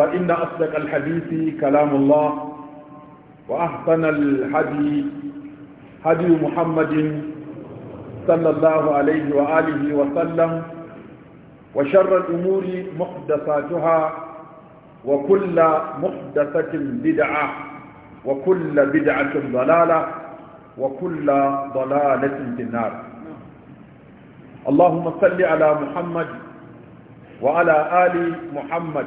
فإن أصدق الحديث كلام الله وأحسن الهدي هدي محمد صلى الله عليه وآله وسلم وشر الأمور محدثاتها وكل محدثة بدعة وكل بدعة ضلالة وكل ضلالة في النار اللهم صل على محمد وعلى آل محمد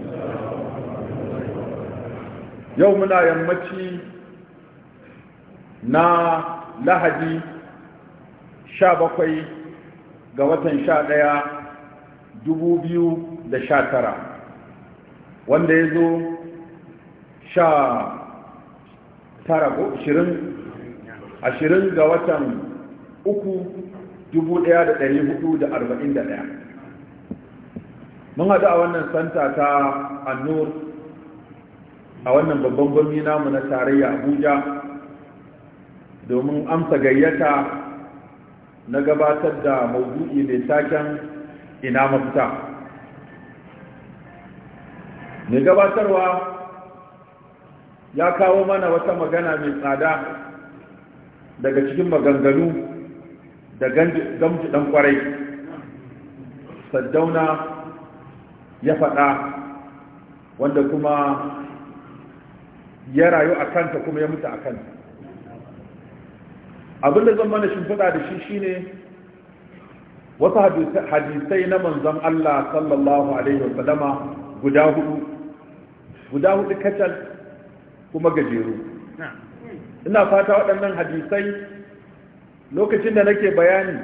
yau muna yammaci na lahadi sha bakwai ga watan sha ɗaya dubu biyu da sha tara wanda ya zo sha tara ko ashirin ashirin ga watan uku dubu ɗaya da ɗari hudu da arba'in da ɗaya mun haɗu a wannan santa ta annur a wannan babban birni namu na tarayya abuja domin amsa gayyata na gabatar da maudu'i mai taken ina mafita mai gabatarwa ya kawo mana wata magana mai tsada daga cikin maganganu da gamji dan kwarai saddauna ya faɗa wanda kuma ya rayu a kanta kuma ya mutu a kanta da zan mana shimfiɗa da shi shine wasu hadisai na manzon Allah sallallahu alaihi wasallama guda hudu guda hudu kacal kuma gajeru ina fata waɗannan hadisai lokacin da nake bayani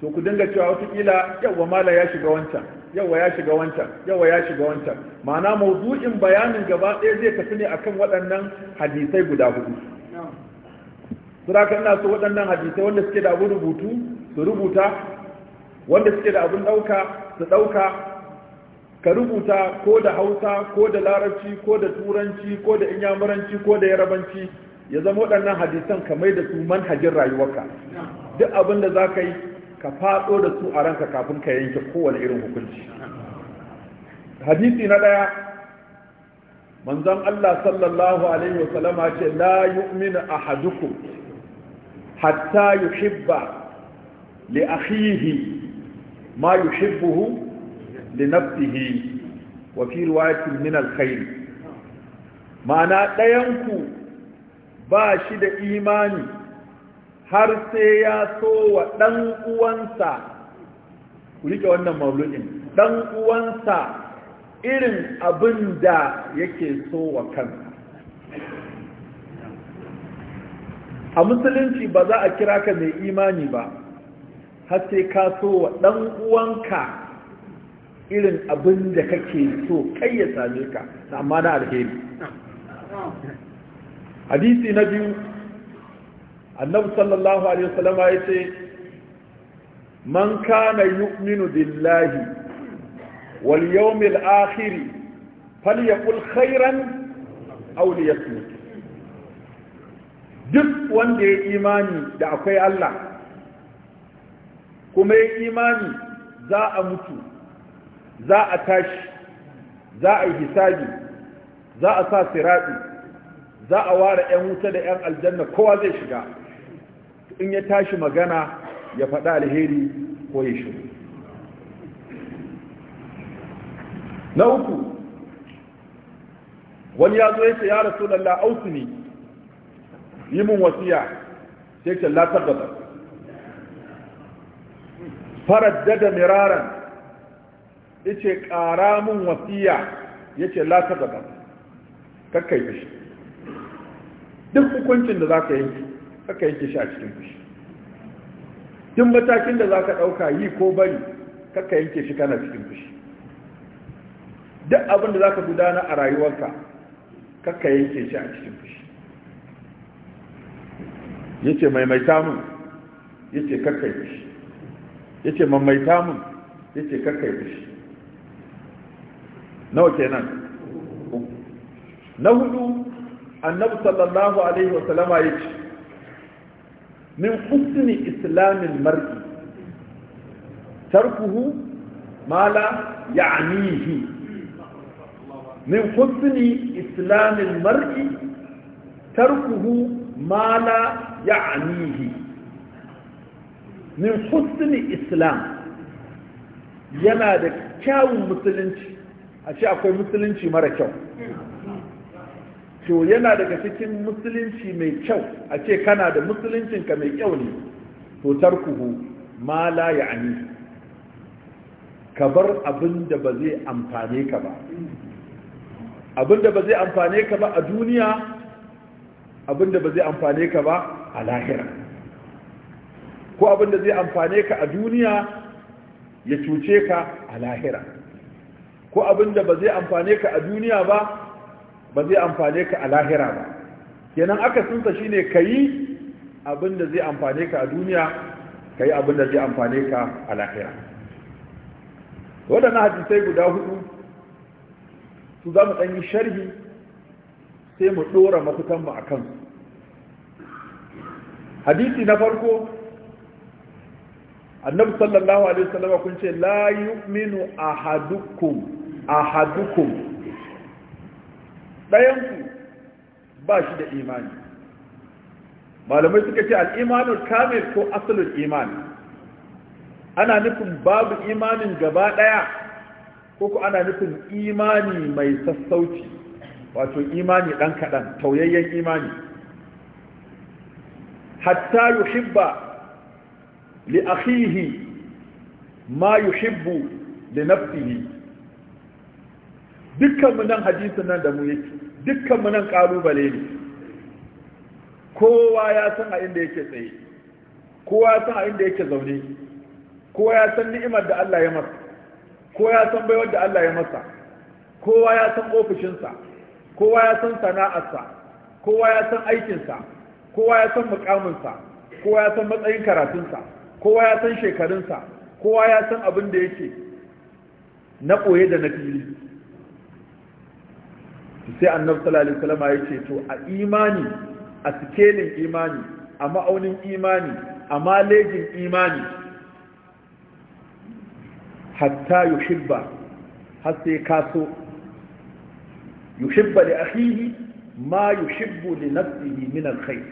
to ku dinga cewa yau yawwa mala ya shiga wancan yawa ya shiga wancan yawa ya shiga wancan ma'ana mawdu'in bayanin gaba ɗaya zai tafi ne akan waɗannan hadisai guda hudu ka ina so waɗannan hadisai wanda suke da abin rubutu su rubuta wanda suke da abin ɗauka su ɗauka ka rubuta ko da hausa ko da larabci ko da turanci ko da inyamuranci ko da yarabanci ya zama waɗannan hadisan ka mai da su manhajin rayuwarka duk abin da za ka yi ka faɗo da su a ranka kafin ka yanke kowane irin hukunci hadisi na ɗaya manzon Allah sallallahu alaihi wa sallama ce la yu'minu ahadukum hatta yuhibba li akhihi ma yuhibbuhu li nafsihi wa fi riwayatin min alkhair ma'ana ɗayanku ba shi da imani har sai ya so wa ɗan uwansa ku rike wannan mauludin ɗan uwansa irin abin da yake so wa kansa a musulunci ba za a kira ka mai imani ba har sai ka so wa ɗan uwanka irin abin da kake so kai ya same ka amma na alheri hadisi na biyu annabi sallallahu alaihi wasallam ya ce man kana yu'minu billahi wal yawmil akhir falyaqul khairan aw liyasmut duk wanda ya imani da akwai Allah kuma ya imani za a mutu za a tashi za a yi hisabi za a sa sirati za a ware 'yan wuta da 'yan aljanna kowa zai shiga in ya tashi magana ya faɗa alheri ko ya shi na uku wani ya zo ya ce ya rasu lalla ausu ne yi mun wasiya sai ce la tabbata faraddada miraran ya ce ƙara mun wasiya ya ce da tabbata kakkai shi duk hukuncin da za ka yanki haka yake a cikin fushi duk matakin da za ka ɗauka yi ko bari haka yake shi kana cikin fushi duk abin da za ka gudana a rayuwarka haka yake shi a cikin fushi ya ce maimaita mun ya ce kakai fushi ya ce maimaita mun ya ce kakai fushi nawa kenan na hudu annabi sallallahu alaihi wasallama ya ce min husni islamin mar'i tarkuhu ma la min husni islamin mar'i tarkuhu ma la min husni islam yana da kyawun musulunci a ce akwai musulunci mara kyau to yana daga cikin musulunci mai kyau a ce kana da musuluncinka mai kyau ne to tarkuhu ma la ya'ani ka bar abin da ba zai amfane ka ba abin da ba zai amfane ka ba a duniya abin da ba zai amfane ka ba a lahira ko abin da zai amfane ka a duniya ya cuce ka a lahira ko abin da ba zai amfane ka a duniya ba ba zai amfane ka a lahira ba kenan aka akasinsa shine ka yi abin da zai amfane ka a duniya ka yi abin da zai amfane ka a lahira waɗannan hadisai guda hudu su za mu ɗanyi sharhi sai mu ɗora mafitanmu a kansu hadisi na farko annabi sallallahu alaihi wasallam kun ce la yu'minu ahadukum ahadukum ɗayanku ba shi da imani malamai suka ce al'imanin kamil ko asalin imani ana nufin babu imanin gaba ɗaya ko ku ana nufin imani mai sassauci wato imani ɗan kaɗan tauyayyen imani hatta yuhibba li akhihi ma yuhibbu li nafsihi dukkan mu nan hadisin nan da mu yake dukkan nan kalubale ne kowa ya san a inda yake tsaye kowa ya san a inda yake zaune kowa ya san ni'imar da Allah ya masa kowa ya san baiwar da Allah ya masa kowa ya san ofishinsa kowa ya san sana'arsa kowa ya san aikinsa kowa ya san mukaminsa kowa ya san matsayin karatunsa kowa ya san shekarunsa kowa ya san abin da yake na koye da na fili sai annabi sallallahu alaihi wasallam ya ce to a imani a sikelin imani a ma'aunin imani a malejin imani hatta yuhibba har sai ka so li akhihi ma yuhibbu li nafsihi min alkhair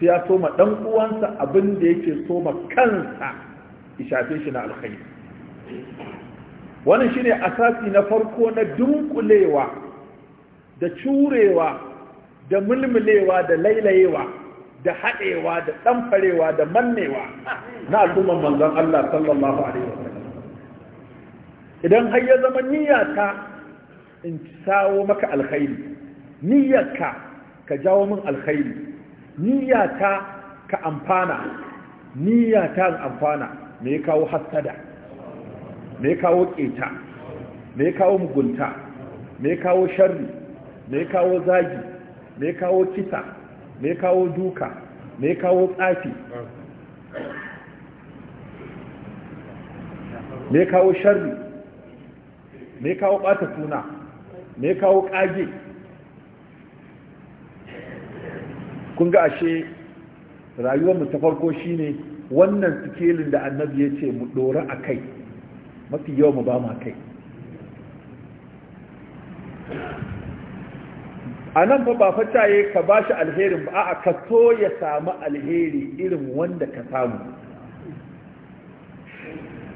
sai ya so ma dan uwansa abin da yake so ma kansa ya shafe shi na alkhair wannan shine asasi na farko na dunkulewa da curewa da mulmulewa da lailayewa da haɗewa da ɗamfarewa da mannewa na al'ummar manzon Allah sallallahu alaihi wasallam idan har ya zama niyyata in sawo maka alkhairi niyyarka ka jawo min alkhairi niyyata ka amfana niyyata in amfana me ya kawo hasada me kawo keta me kawo mugunta me kawo sharri me kawo zagi me kawo kisa me kawo duka me kawo tsafi me kawo sharri me kawo ɓata suna me kawo ƙage kun ga ashe rayuwarmu ta farko shine wannan sikelin da annabi ya ce mu ɗora a kai mafi yawa mu ba ma kai a nan fa ba fataye ka ba shi alherin ba a ka so ya samu alheri irin wanda ka samu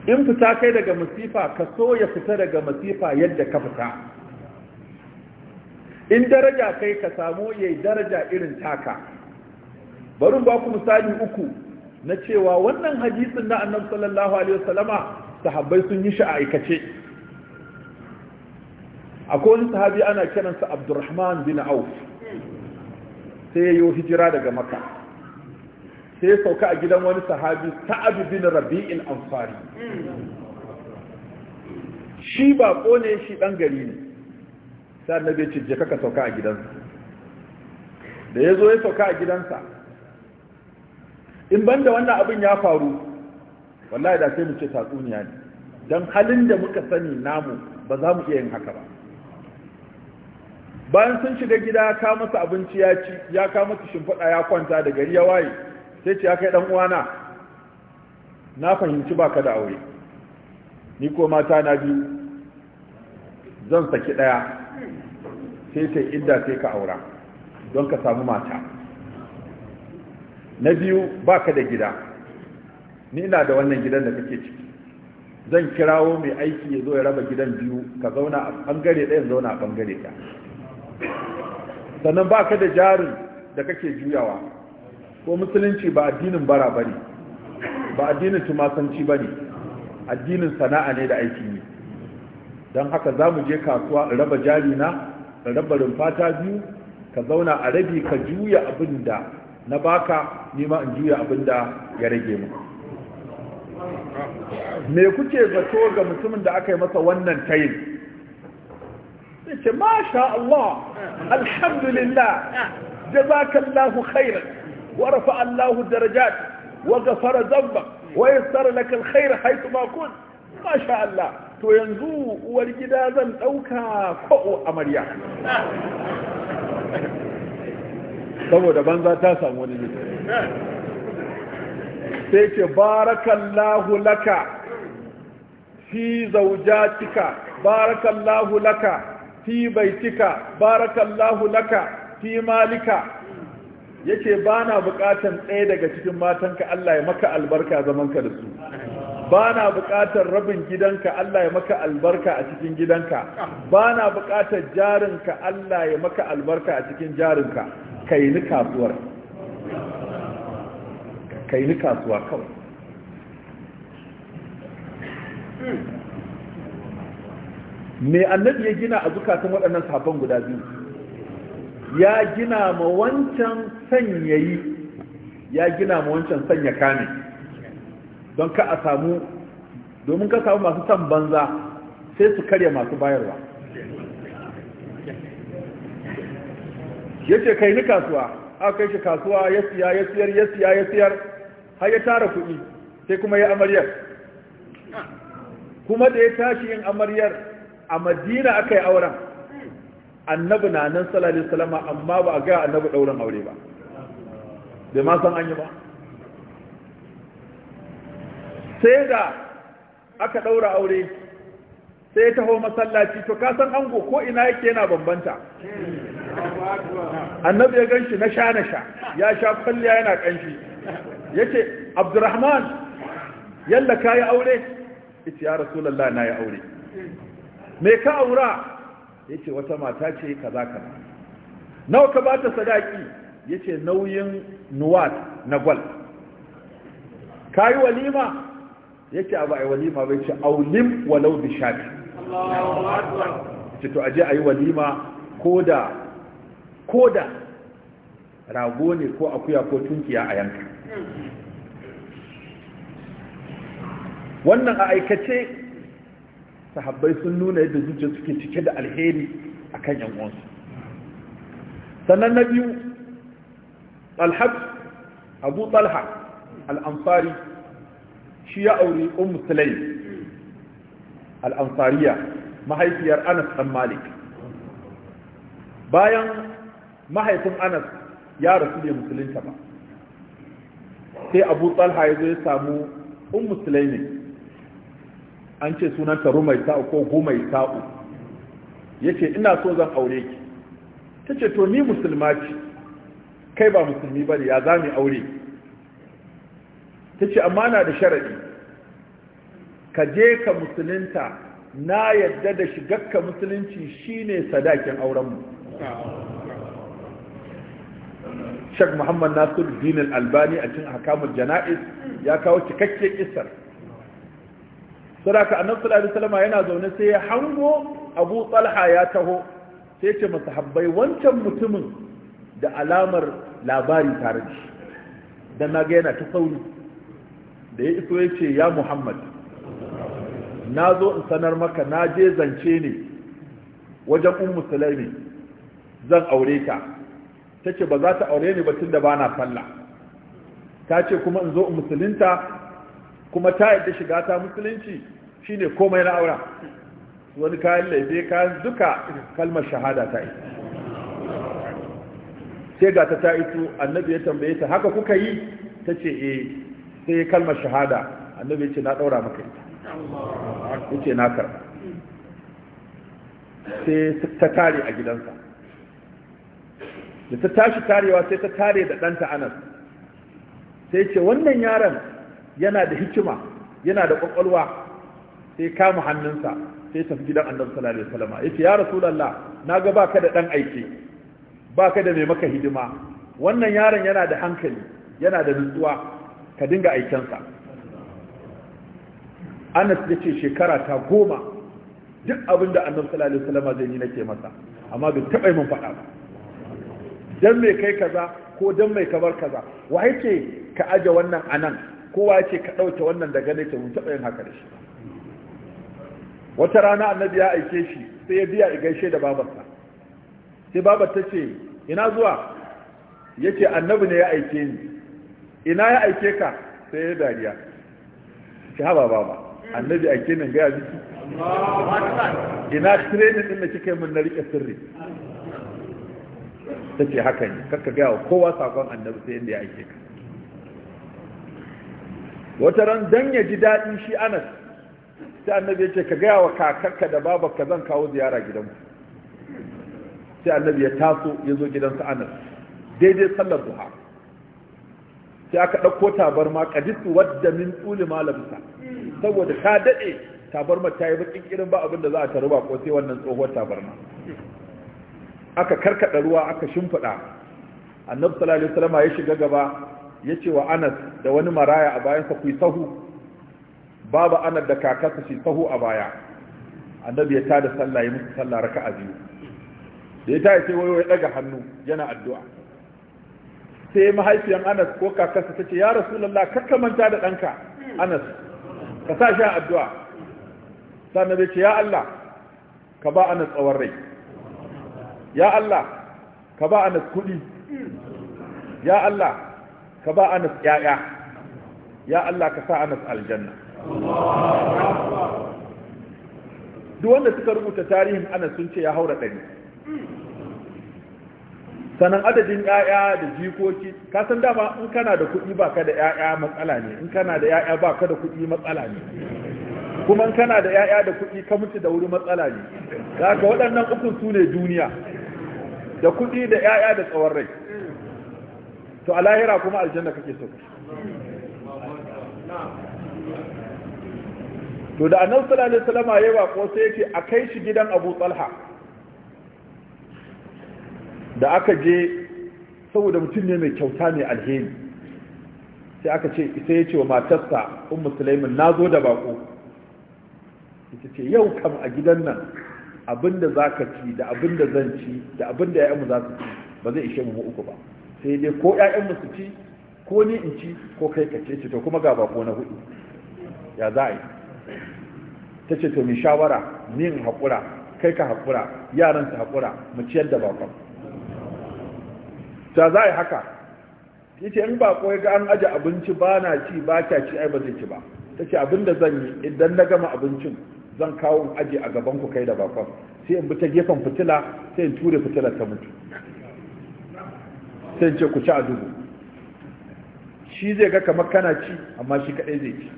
in fita kai daga masifa ka so ya fita daga masifa yadda ka fita in daraja kai ka samu ya yi daraja irin taka Barin ba ku misali uku na cewa wannan hadisin na annan sallallahu alaihi wasallama sahabbai sun yi shi a aikace akwai wani sahabi ana kiransa abdurrahman bin auf sai ya yi hijira daga maka sai ya sauka a gidan wani sahabi abu bin rabi'in amfari shi ba ne shi ɗan gari ne sai annabi ce je kaka sauka a gidansa da ya zo ya sauka a gidansa in banda wannan abin ya faru wallahi da sai mu ce tatsuniya ne don halin da muka sani namu ba za mu iya yin haka ba bayan sun shiga gida ka masa abinci ya ci ya ka masa shimfiɗa ya kwanta da gari ya waye sai ce ya kai ɗan uwana na fahimci baka da aure ni ko mata na biyu zan saki ɗaya sai ce idda sai ka aura don ka samu mata na biyu baka da gida ni ina da wannan gidan da kake ciki zan kirawo mai aiki ya zo ya raba gidan biyu ka zauna a bangare ɗaya zauna a bangare ɗaya sannan ba ka da jarin da kake juyawa ko musulunci ba addinin bara ba ne ba addinin tumasanci ba ne addinin sana'a ne da aiki ne don haka za mu je kasuwa in raba jari na in raba rumfata biyu ka zauna a rabi ka juya abin da na baka nima in juya abin da ya rage mu me kuke zato ga mutumin da aka yi masa wannan tayin sai ce masha Allah alhamdulillah jazakallahu khairan wa rafa Allahu darajat wa ghafara dhanbak wa yassara laka alkhair haythu ma kunt masha Allah to yanzu uwar gida zan dauka ko amarya saboda banza ta samu wani jiki sai ce barakallahu laka fi zaujatika barakallahu laka fi baitika barakallahu laka fi malika yake bana bukatan ɗaya daga cikin matanka Allah ya maka albarka zamanka da su bana bukatar rabin gidanka Allah ya maka albarka a cikin gidanka bana bukatar jarinka Allah ya maka albarka a cikin jarinka kai ni kasuwar ka yi kasuwa kawai me annabi ya gina a zukatan waɗannan sabon guda biyu ya gina ma wancan yi ya gina ma wancan sanya kame don ka a samu domin ka samu masu san banza sai su karya masu bayarwa ya ce kai ni kasuwa aka kai shi kasuwa ya siya ya siyar ya siya ya siyar har ya tara kuɗi sai kuma ya amaryar kuma da ya tashi yin amaryar a madina aka yi auren annabi na nan salalin salama amma ba a ga annabi ɗaurin aure ba bai ma san an yi ba sai da aka ɗaura aure sai ya taho masallaci to ka san ango ko ina yake yana bambanta annabi ya ganshi na sha na sha ya sha kwalliya yana ƙanshi yace abdurrahman yalla ka yi aure yace ya rasulullah na yi aure me ka aura yace wata mata ce kaza kaza nawa ka bata sadaki yace nauyin nuwat na gwal ka walima yace abu ai walima bai ce aulim walau bi shafi Allahu akbar ce to aje walima koda koda rago ne ko akuya ko tunkiya a yanka wannan a aikace sahabbai sun nuna yadda zuciya suke cike da alheri a kan yankunsu sannan na biyu talhaf abu talha al'amfari shi ya auri un musulai al'amfariya mahaifiyar anas ɗan malik bayan mahaifin anas ya rasu da musulunta ba sai abu talha ya zo ya samu un ne an ce sunanta rumai ta'u ko gumai ta'u ya ce ina so zan aure ki ta ce to ni musulma ce kai ba musulmi ba ne ya za mu aure ta ce amma na da sharaɗi ka je ka musulunta na yadda da shigar ka musulunci shine sadakin aurenmu Sheikh muhammad nasir din albani a cikin hakamul jana'iz ya kawo cikakken isar saraka annabi sallallahu alaihi wasallam yana zaune sai ya hango abu talha ya taho sai ya ce masahabbai wancan mutumin da alamar labari tare da shi dan naga yana ta sauri da ya iso ya ce ya muhammad na zo in sanar maka na je zance ne wajen ummu sulaimi zan aure ka ta ce ba za ta aure ni ba tunda ba na sallah ta ce kuma in zo in musulunta kuma ta yadda shiga ta musulunci shine komai na aura wani kayan laife kayan duka kalmar shahada ta yi sai ga ta ta ito annabi ya tambaye ta haka kuka yi ta ce eh sai kalmar shahada annabi ya ce na daura maka ita ya ce na karba sai ta kare a gidansa da ta tashi tarewa sai ta tare da ɗanta anas sai ce wannan yaron yana da hikima yana da ƙwaƙwalwa sai kama hannunsa sai tafi gidan annabi sallallahu alaihi wasallam yace ya rasulullah naga baka da dan aike baka da mai maka hidima wannan yaron yana da hankali yana da nutsuwa ka dinga aikensa Anas yace shekara ta goma duk abinda annabi sallallahu alaihi wasallam zai yi nake masa amma bai taba min faɗa ba dan mai kai kaza ko dan mai kabar kaza wa yake ka aje wannan anan kowa yake ka dauke wannan daga ne ta mun taɓa yin haka da shi wata rana annabi ya aike shi sai ya biya gaishe da babarsa sai babar ta ce ina zuwa yace annabi ne ya aike ni ina ya aike ka sai ya dariya ki haba baba annabi aike min ga ya biki ina training din da kike mun na rike sirri ta ce haka ne karka gaya wa kowa sakon annabi sai yadda ya aike ka wata ran dan ya ji daɗi shi anas sai annabi ya ce ka gaya wa kakarka da babarka zan kawo ziyara gidanku sai annabi ya taso ya zo gidansa anas daidai sallar duha sai aka ɗauko tabarma kadisu wadda min tsuli malamsa saboda ta daɗe tabarma ta yi bakin irin ba abin za a taru ba ko sai wannan tsohuwar tabarma aka karkada ruwa aka shimfiɗa annabi sallallahu alaihi wasallam ya shiga gaba ya ce wa anas da wani maraya a bayansa ku yi sahu babu anas da kakarsa shi sahu a baya annabi ya tada sallah ya musu sallah raka'a biyu da ya ta ce wayo ya daga hannu yana addu'a sai mahaifiyan anas ko kakarsa ta ce ya rasulullah kakka manta da danka anas ka sa shi addu'a sannan bai ce ya allah ka ba anas tsawon rai ya Allah ka ba anas kuɗi ya Allah ka ba anas ƴaƴa ya Allah ka sa anas aljanna duk wanda suka rubuta tarihin anas sun ce ya haura ɗari sanan adadin ƴaƴa da jikoki ka san dama in kana da kuɗi ba ka da ƴaƴa matsala ne in kana da ƴaƴa ba ka da kuɗi matsala ne kuma in kana da ƴaƴa da kuɗi ka mutu da wuri matsala ne da haka waɗannan ukun su ne duniya da kuɗi da 'ya'ya da tsawon rai to a lahira kuma aljanna kake so to da annabi sallallahu alaihi wasallam ba ko sai yace a kai shi gidan Abu Talha da aka je saboda mutum ne mai kyauta ne alheri sai aka ce sai yace wa matarsa ummu sulaiman nazo da bako ita ce yau kam a gidan nan abinda za ka ci da abinda zan ci da abinda ‘ya'yanmu za su ci ba zai ishe mu uku ba sai dai ko ‘ya'yanmu su ci ko ni in ci ko kai ka ce to kuma ga bako na hudu ya za a yi ta ce to mi shawara ni in haƙura kai ka haƙura yaran su haƙura mu ciyar da bakon ta za a yi haka ce in bako ya ga an aje abinci ba na ci ba kya ci ai ba zai ci ba ta ce abinda zan yi idan na gama abincin zan kawo aji a gaban ku kai da bakon sai in bi ta gefen fitila sai in ture fitila ta mutu sai in ce ku ci a dubu shi zai ga kamar kana ci amma shi kadai zai ci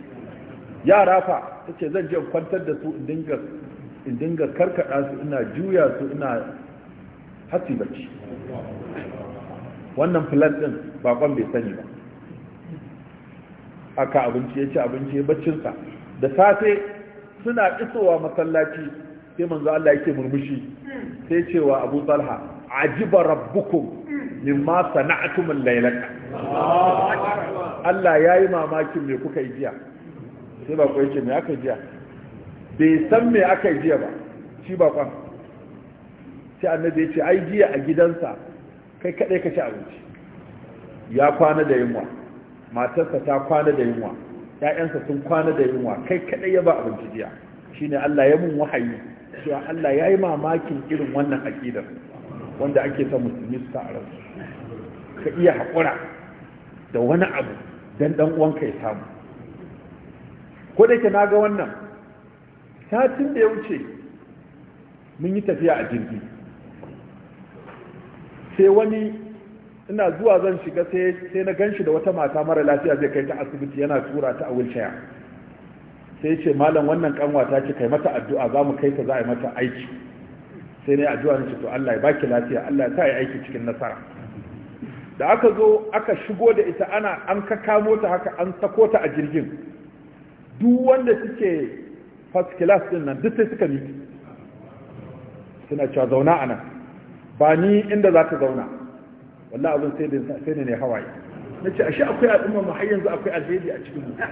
yara fa ta ce zan je kwantar da su in dinga karkada su ina juya su ina hatsi bacci wannan filan din bakon bai sani ba aka abinci ya ci abinci baccinsa da safe suna isowa masallaci sai manzo Allah yake murmushi sai cewa Abu Talha ajiba rabbukum mimma sana'tum al-lailata Allah yayi mamakin me kuka yi jiya sai ba ku yake me aka jiya bai san me aka yi jiya ba shi ba kwan sai annabi yace ce ai jiya a gidansa kai kadai ka ci abinci ya kwana da yunwa matarsa ta kwana da yunwa Ya'yansa sun kwana da yunwa kai kaɗai ya ba abinci jiya ne Allah ya mun wahayi cewa Allah ya yi mamakin irin wannan aƙidar wanda ake ta musulmi su a ka iya haƙura da wani abu don ɗan uwanka ya samu ko da ke na ga wannan satin da ya wuce mun yi tafiya a jirgi sai wani ina zuwa zan shiga sai na ganshi da wata mata mara lafiya zai kai ta asibiti yana tura ta a wheelchair sai ce malam wannan kanwa ta ce kai mata addu'a za mu kai ta za a yi mata aiki sai ne addu'a ne ce to Allah ya baki lafiya Allah ya sa yi aiki cikin nasara da aka zo aka shigo da ita ana an ka kamo ta haka an sako ta a jirgin duk wanda suke first class din nan duk sai suka ni suna cewa zauna a nan ba ni inda za ta zauna wallahi abin sai da sai ne hawaye nace ashe akwai al'umma mu har yanzu akwai alheri a cikin mu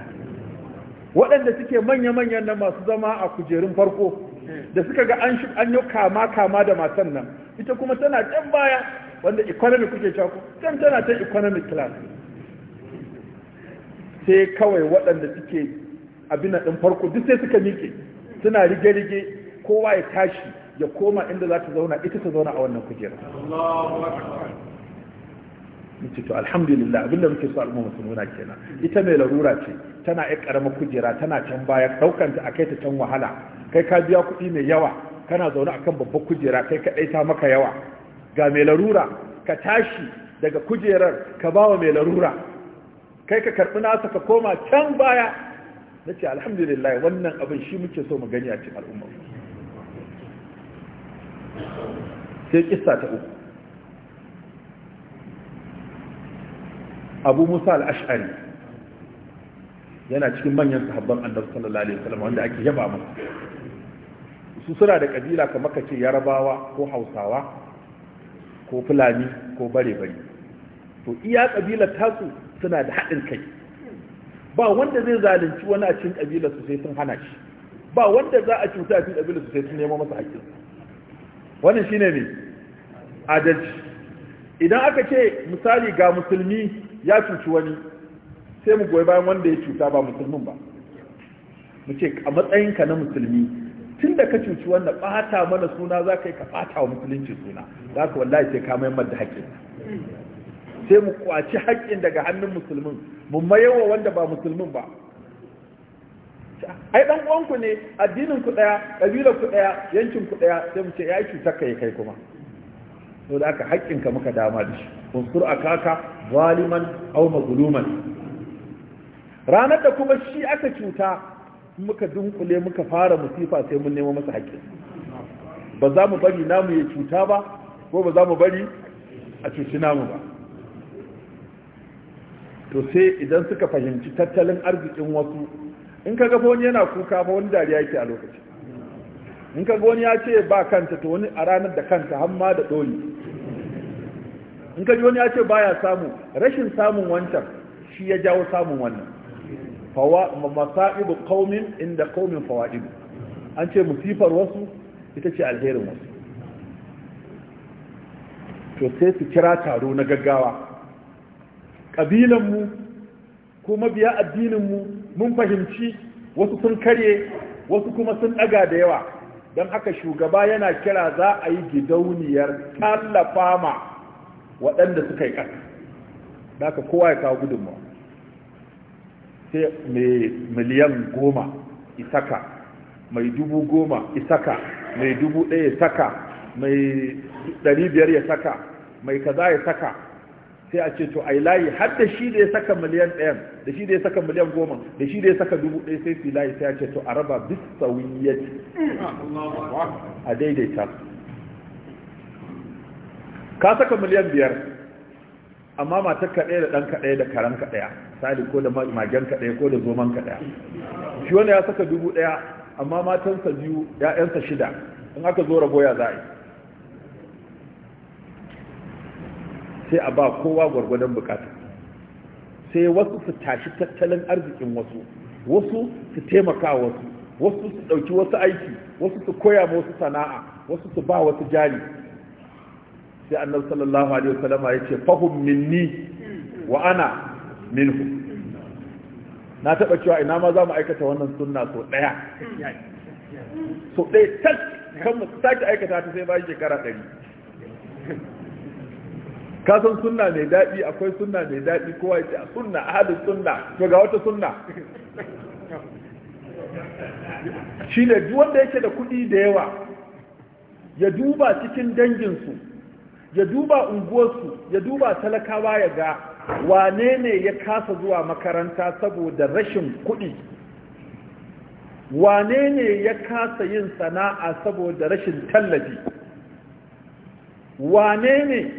waɗanda suke manya-manyan nan masu zama a kujerun farko da suka ga an an yi kama kama da matan nan ita kuma tana can baya wanda economy kuke cewa can tana ta economic class sai kawai waɗanda suke abin ɗin farko duk sai suka miƙe suna rige-rige kowa ya tashi ya koma inda za ta zauna ita ta zauna a wannan kujera ce to alhamdulillah abinda muke so al'umma nuna kenan ita mai larura ce tana yar karama kujera tana can baya daukan ta akai ta can wahala kai ka biya kuɗi mai yawa kana zaune akan babbar kujera kai ka ta maka yawa ga mai larura ka tashi daga kujerar ka ba wa mai larura kai ka karɓi nasa ka koma can baya nace alhamdulillah wannan abin shi muke so mu gani a cikin al'umma sai kissa ta uku abu musa al-ash'ari yana cikin manyan sahabban annabi sallallahu alaihi wasallam wanda ake yaba masa su suna da kabila kamar ka ce yarabawa ko hausawa ko fulani ko bare-bare to iya kabilar tasu suna da haɗin kai ba wanda zai zalunci wani a cikin kabilar su sai sun hana shi ba wanda za a cuta a cikin kabilar su sai sun nemo masa haƙƙin wannan shine ne adalci idan aka ce misali ga musulmi ya cuci wani sai mu goyi bayan wanda ya cuta ba musulmin ba mu ce a matsayinka na musulmi tun da ka cuci wanda bata mana suna za ka yi ka ɓata wa musulunci suna za ka wallahi sai ka mayar da haƙƙin sai mu kwaci haƙƙin daga hannun musulmin mu mayawa wanda ba musulmin ba ai dan uwanku ne addinin ku daya kabilar ku daya yankin ku daya sai mu ce ya cutar ka kai kuma to da aka haƙƙin ka muka dama da shi a kaka. zaliman aw maguluman ranar da kuma shi aka cuta muka dunkule muka fara musifa sai mun nemo masa haƙƙi ba za mu bari namu ya cuta ba ko ba za mu bari a cuci namu ba to sai idan suka fahimci tattalin arzikin wasu in ka gafa wani yana kuka ba wani dariya yake a lokaci in ka wani ya ce ba kanta to wani a ranar da kanta hamma da ɗoli in ka ji wani ya ce baya samu rashin samun wancan shi ya jawo samun wannan masa'ibu qaumin inda qaumin fawaidu an ce musifar wasu ita ce alherin wasu to sai su kira taro na gaggawa ƙabilanmu ko mabiya addininmu mun fahimci wasu sun karye wasu kuma sun ɗaga da yawa don haka shugaba yana kira za a yi gidauniyar tallafa ma waɗanda suka yi ƙasa da aka kowa ya kawo gudunmu sai mai miliyan goma isaka mai dubu goma isaka mai dubu ɗaya saka mai ɗari biyar ya saka mai kaza ya saka sai a ce to ai layi har da shi da ya saka miliyan ɗayan da shi da ya saka miliyan goma da shi da ya saka dubu ɗaya sai su layi sai a ce to a raba bisawiyyati a daidaita su ka saka miliyan biyar amma matar ka ɗaya da ɗan ka ɗaya da karan ka ɗaya sali ko da magen ka ɗaya ko da zoman ka ɗaya shi wanda ya saka dubu ɗaya amma matansa biyu ‘ya'yansa shida in aka zo ya za a yi sai a ba kowa gwargwadon bukata sai wasu su tashi tattalin arzikin wasu wasu su taimaka wasu wasu su ɗauki wasu aiki wasu su koya wasu sana'a wasu su ba wasu jari sai annabi sallallahu alaihi wasallama ya ce fahum minni wa ana minhu na taba cewa ina ma za mu aikata wannan sunna so daya so daya tak kan mu sake aikata ta sai bayan shekara ɗari ka san sunna mai daɗi akwai sunna mai daɗi kowa ya ce a sunna ahadin sunna to ga wata sunna shi ne duk wanda yake da kuɗi da yawa ya duba cikin danginsu ya duba unguwarsu ya duba talakawa ya ga wane ne ya kasa zuwa makaranta saboda rashin kuɗi wane ne ya kasa yin sana'a saboda rashin tallafi wane ne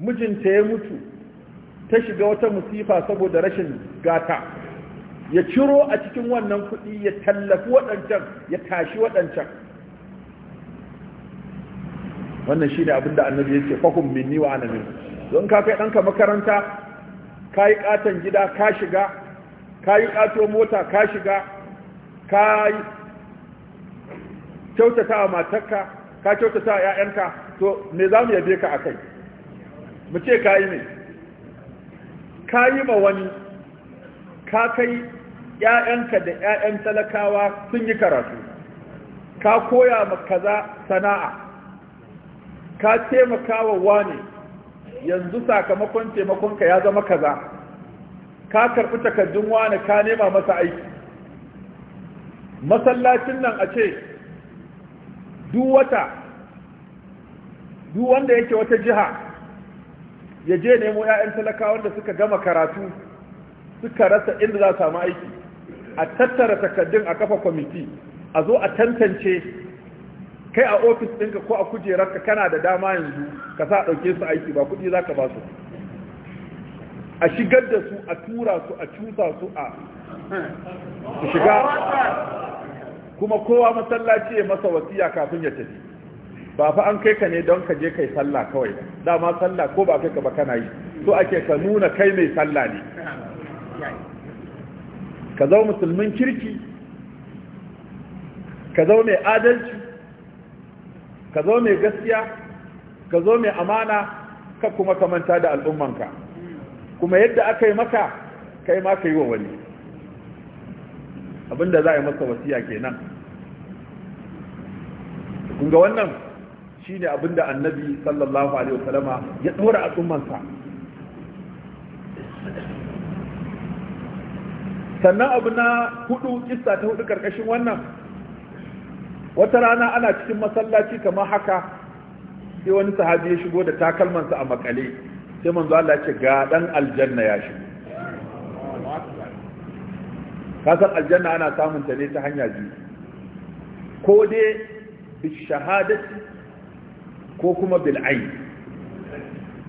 mijinta ya mutu ta shiga wata musifa saboda rashin gata ya ciro a cikin wannan kuɗi ya tallafi waɗancan ya tashi waɗancan wannan shi ne abinda annabi ya ce fahim minni wa ana min don ka kai ɗanka makaranta ka yi ƙaton gida ka shiga ka yi ƙato mota ka shiga ka yi kyautata wa matarka ka kyautata wa 'ya'yanka to me za mu yabe ka a kai mu ce ka yi ne ka yi ma wani ka kai 'ya'yanka da 'ya'yan talakawa sun yi karatu ka koya ma kaza sana'a ka taimaka wa wane yanzu sakamakon taimakonka ya zama kaza ka karɓi takardun wani ka nema masa aiki masallacin nan a ce duk wata yake wata jiha ya je nemo 'ya'yan talakawa wanda suka gama karatu suka rasa inda za su samu aiki a tattara takardun a kafa kwamiti a zo a tantance kai a ofis ɗinka ko a kujerarka kana da dama yanzu ka sa ɗauke su aiki ba kuɗi za ka ba su a shigar da su a tura su a cusa su a shiga kuma kowa masallaci ya masa wasiya kafin ya tafi ba fa an kai ka ne don ka je kai sallah kawai dama sallah ko ba kai ka ba kana yi so ake ka nuna kai mai sallah ne ka zau musulmin kirki ka zau mai adalci ka zo mai gaskiya ka zo mai amana ka kuma ka manta da al'ummanka kuma yadda aka yi maka kai ma ka yi wa wani abinda za a yi masa wasiya kenan kunga wannan shine abinda annabi sallallahu alaihi wasallama ya dora al'ummansa sannan abu na hudu kissa ta hudu karkashin wannan wata rana ana cikin masallaci kamar haka sai wani sahabi ya shigo da takalmansa a makale sai manzo Allah ya ce ga dan aljanna ya shigo aljanna ana samun ta ne ta hanya biyu ko dai bil shahadati ko kuma bil ayn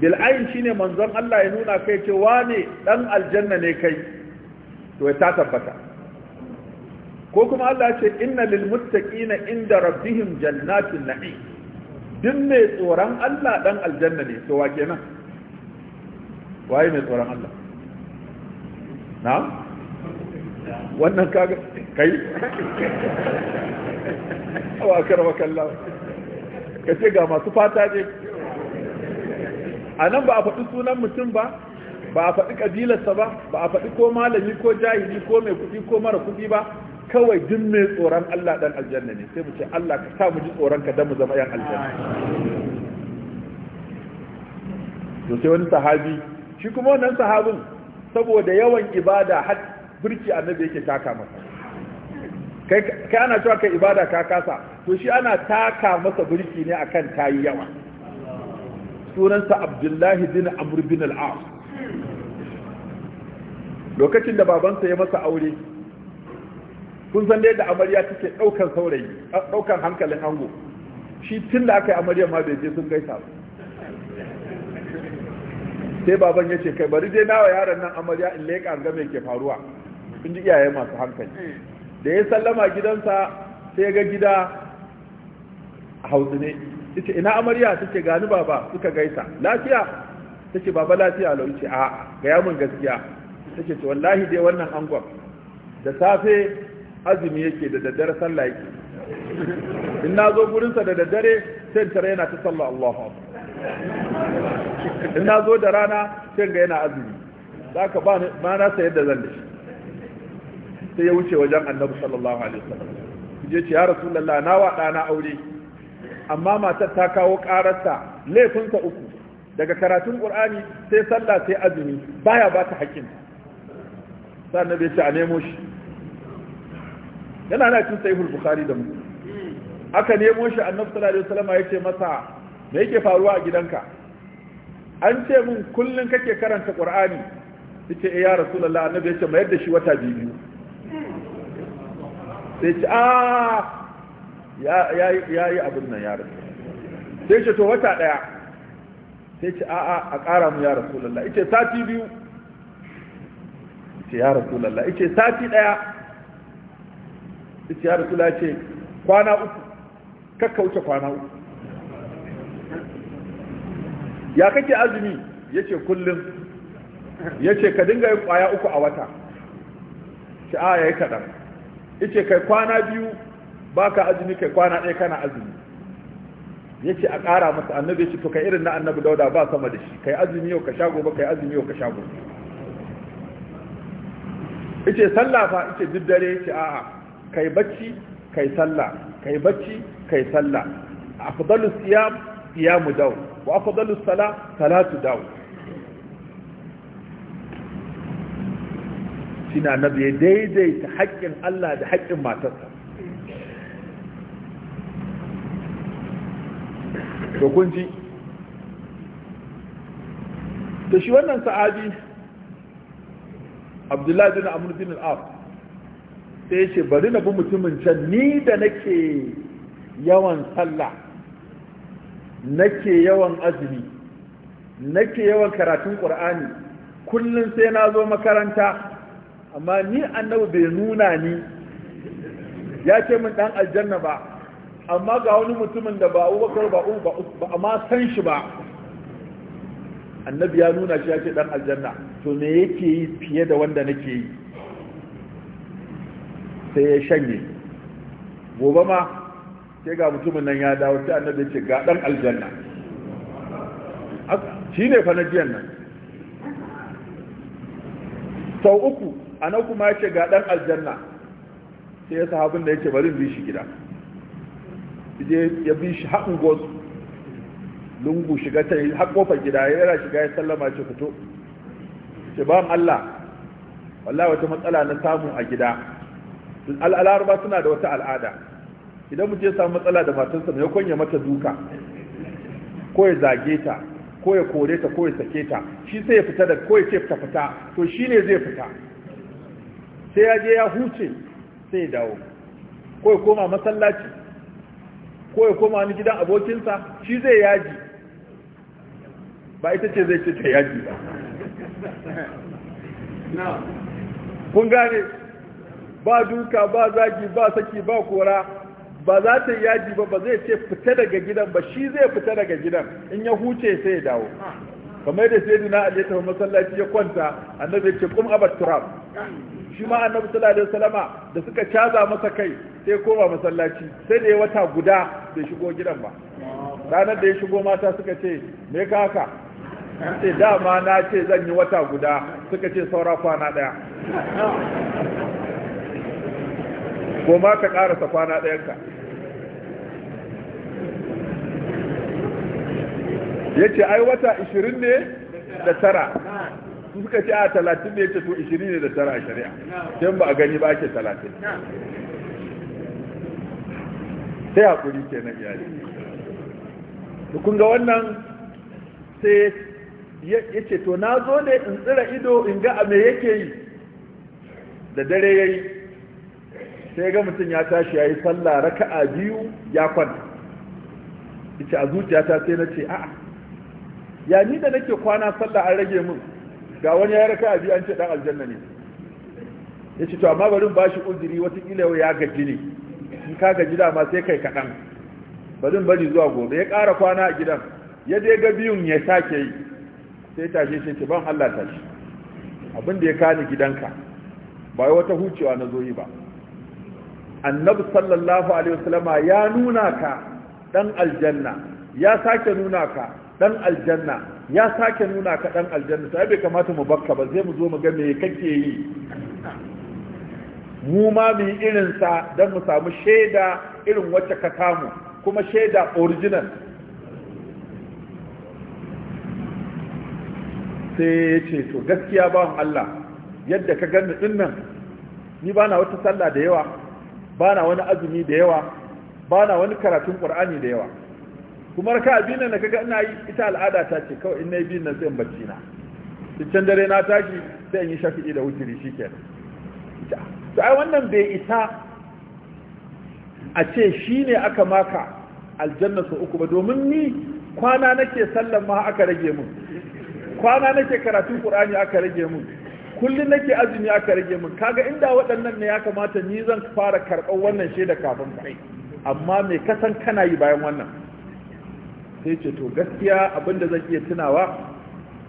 bil ayn shine manzon Allah ya nuna kai cewa ne dan aljanna ne kai to ya ta tabbata ko kuma Allah ce inna lil muttaqina inda rabbihim jannatin na'im duk mai tsoron Allah dan aljanna ne to wa kenan waye mai tsoron Allah na'am wannan kaga kai awa karwa kallah kace ga masu fata je a nan ba a faɗi sunan mutum ba ba a faɗi ƙabilarsa ba ba a faɗi ko malami ko jahili ko mai kuɗi ko mara kuɗi ba kawai duk mai tsoron Allah dan aljanna ne sai mu ce Allah ka sa mu ji tsoron ka dan mu zama yan aljanna to sai wani sahabi shi kuma wannan sahabin saboda yawan ibada har birki annabi yake taka masa kai kai ana cewa kai ibada ka kasa to shi ana taka masa birki ne akan tayi yawa sunansa Abdullahi bin Amr bin al-As lokacin da babansa ya masa aure kun san da amarya take daukar saurayi daukar hankalin ango shi tun da aka yi amarya ma bai je sun gaisa ba sai baban ya ce kai bari dai nawa yaron nan amarya in leƙa ga mai ke faruwa kun ji iyaye masu hankali da ya sallama gidansa sai ga gida hausu ne ita ina amarya take gani baba suka gaisa lafiya take baba lafiya lau ce a ga yamin gaskiya take ce wallahi dai wannan angon da safe azumi yake da daddare sallah yake in na zo gurinsa da daddare sai tare yana ta sallah Allahu in na zo da rana sai ga yana azumi za ka ba na sayar da zan da shi sai ya wuce wajen annabi sallallahu alaihi wasallam je ce ya rasulullah na wa ɗana aure amma matar ta kawo ƙararsa laifinsa uku daga karatun qur'ani sai sallah sai azumi baya ba ta haƙƙin sannan bai ce a nemo shi yana na cin sahihul bukhari da muslim aka nemo shi annabi sallallahu alaihi wasallam yace masa me yake faruwa a gidanka an ce mun kullun kake karanta qur'ani yace eh ya rasulullahi annabi yace mayar da shi wata biyu sai ce ah ya ya yi abin nan ya rasu sai ce to wata daya sai ce a'a a ƙara mu ya rasulullahi yace sati biyu yace ya rasulullahi yace sati daya ishiyar ya rasula ce kwana uku kakka wuce kwana uku ya kake azumi ya ce kullum ya ce ka dinga yin kwaya uku a wata ah, ce a ya yi kaɗan ice kai kwana biyu ba ka azumi kai kwana ɗaya kana azumi ya ce a ƙara masa annabi ya ce to kai irin na annabi dauda ba sama da shi kai azumi yau ka sha gobe kai azumi yau ka sha gobe ice sallafa. ice duk dare ya ce a'a kai bacci kai sallah kai bacci kai sallah afdalu siyam siyamu daw wa afdalu sala salatu daw Sina nabi ya daidaita haƙƙin Allah da haƙƙin matarsa to kun ji da shi wannan sa'adi abdullahi bin amr bin al-as sai ce bari na bi mutumin can ni da nake yawan sallah nake yawan azumi nake yawan karatun ƙur'ani kullum sai na zo makaranta amma ni annabi bai nuna ni ya ce min ɗan aljanna ba amma ga wani mutumin da ba abubakar ba ba amma san shi ba annabi ya nuna shi ya ce ɗan aljanna to me yake yi fiye da wanda nake yi sai ya shanye gobe ma sai ga mutumin nan ya dawo sai annabi ce ga dan aljanna shi ne fa na jiyan nan sau uku a nan kuma ya ce ga dan aljanna sai ya sahabin da ya ce bari bi shi gida ya bi shi haɗin gosu lungu shiga ta yi haƙofar gida ya yara shiga ya sallama ce fito ce ba Allah wallahi wata matsala na samu a gida al'arba suna da wata al'ada idan mutum ya samu matsala da matarsa mai ya mata duka ko ya zage ta ko ya kore ta ko ya sake ta shi sai ya fita da ko ya ce fita fita to shi ne zai fita sai ya je ya huce sai ya dawo ko ya koma masallaci ko ya koma wani gidan abokinsa shi zai yaji ba ita ce zai ce ta yaji ba kun gane ba duka ba zagi ba saki ba kora ba za ta yaji ba ba zai ce fita daga gidan ba shi zai fita daga gidan in ya huce sai ya dawo kamar da sai duna ali ta masallaci ya kwanta annabi ya ce kum abat turab shi ma annabi sallallahu alaihi da suka caza masa kai sai koma masallaci sai da ya wata guda bai shigo gidan ba ranar da ya shigo mata suka ce me ka haka ce dama na ce zan yi wata guda suka ce saura kwana daya ko ma ka karasa kwana ɗayanka ya ce ai wata 20 ne da tara suka ce a 30 ne ya ce to 20 ne da tara a shari'a sai ba a gani ba ake 30 sai haƙuri ke na iyali kun ga wannan sai ya ce to na zo ne in tsira ido in ga a me yake yi da dare ya yi sai ga mutum ya tashi ya yi sallah raka'a biyu ya kwanta ita a zuciyata sai na ce a'a ya ni da nake kwana sallah an rage min ga wani ya raka'a biyu an ce dan aljanna ne ya ce to amma bari ba shi uzuri watakila ya gaji ne in ka gaji dama sai kai kaɗan bari bari zuwa gobe ya ƙara kwana a gidan ya dai ga biyun ya sake yi sai tashe sai ce ban Allah tashi abin da ya kani gidanka ba wata hucewa na zo yi ba annabi sallallahu alaihi wasallama ya nuna ka dan aljanna ya sake nuna ka dan aljanna ya sake nuna ka dan aljanna sai bai kamata mu bakka ba zai mu zo mu ga me kake yi mu ma mu yi irin sa dan mu samu shaida irin wacce ka samu kuma shaida original sai ya ce to gaskiya bawan Allah yadda ka gani dinnan nan ni bana wata sallah da yawa bana wani azumi da yawa bana wani karatun qur'ani da yawa kuma raka abin na da kaga ina yi ita al'ada ta ce kawai in nayi bin nan sai bacci na cikin dare na tashi sai in yi shafi'i da wutiri shikenan to ai wannan bai isa a ce ne aka maka aljanna su uku ba domin ni kwana nake sallan ma aka rage mun kwana nake karatun ƙur'ani aka rage mun kullum nake azumi aka rage min kaga inda waɗannan ne ya kamata ni zan fara karɓar wannan shaida kafin kai amma me kasan kana yi bayan wannan sai ce to gaskiya abinda zan iya tunawa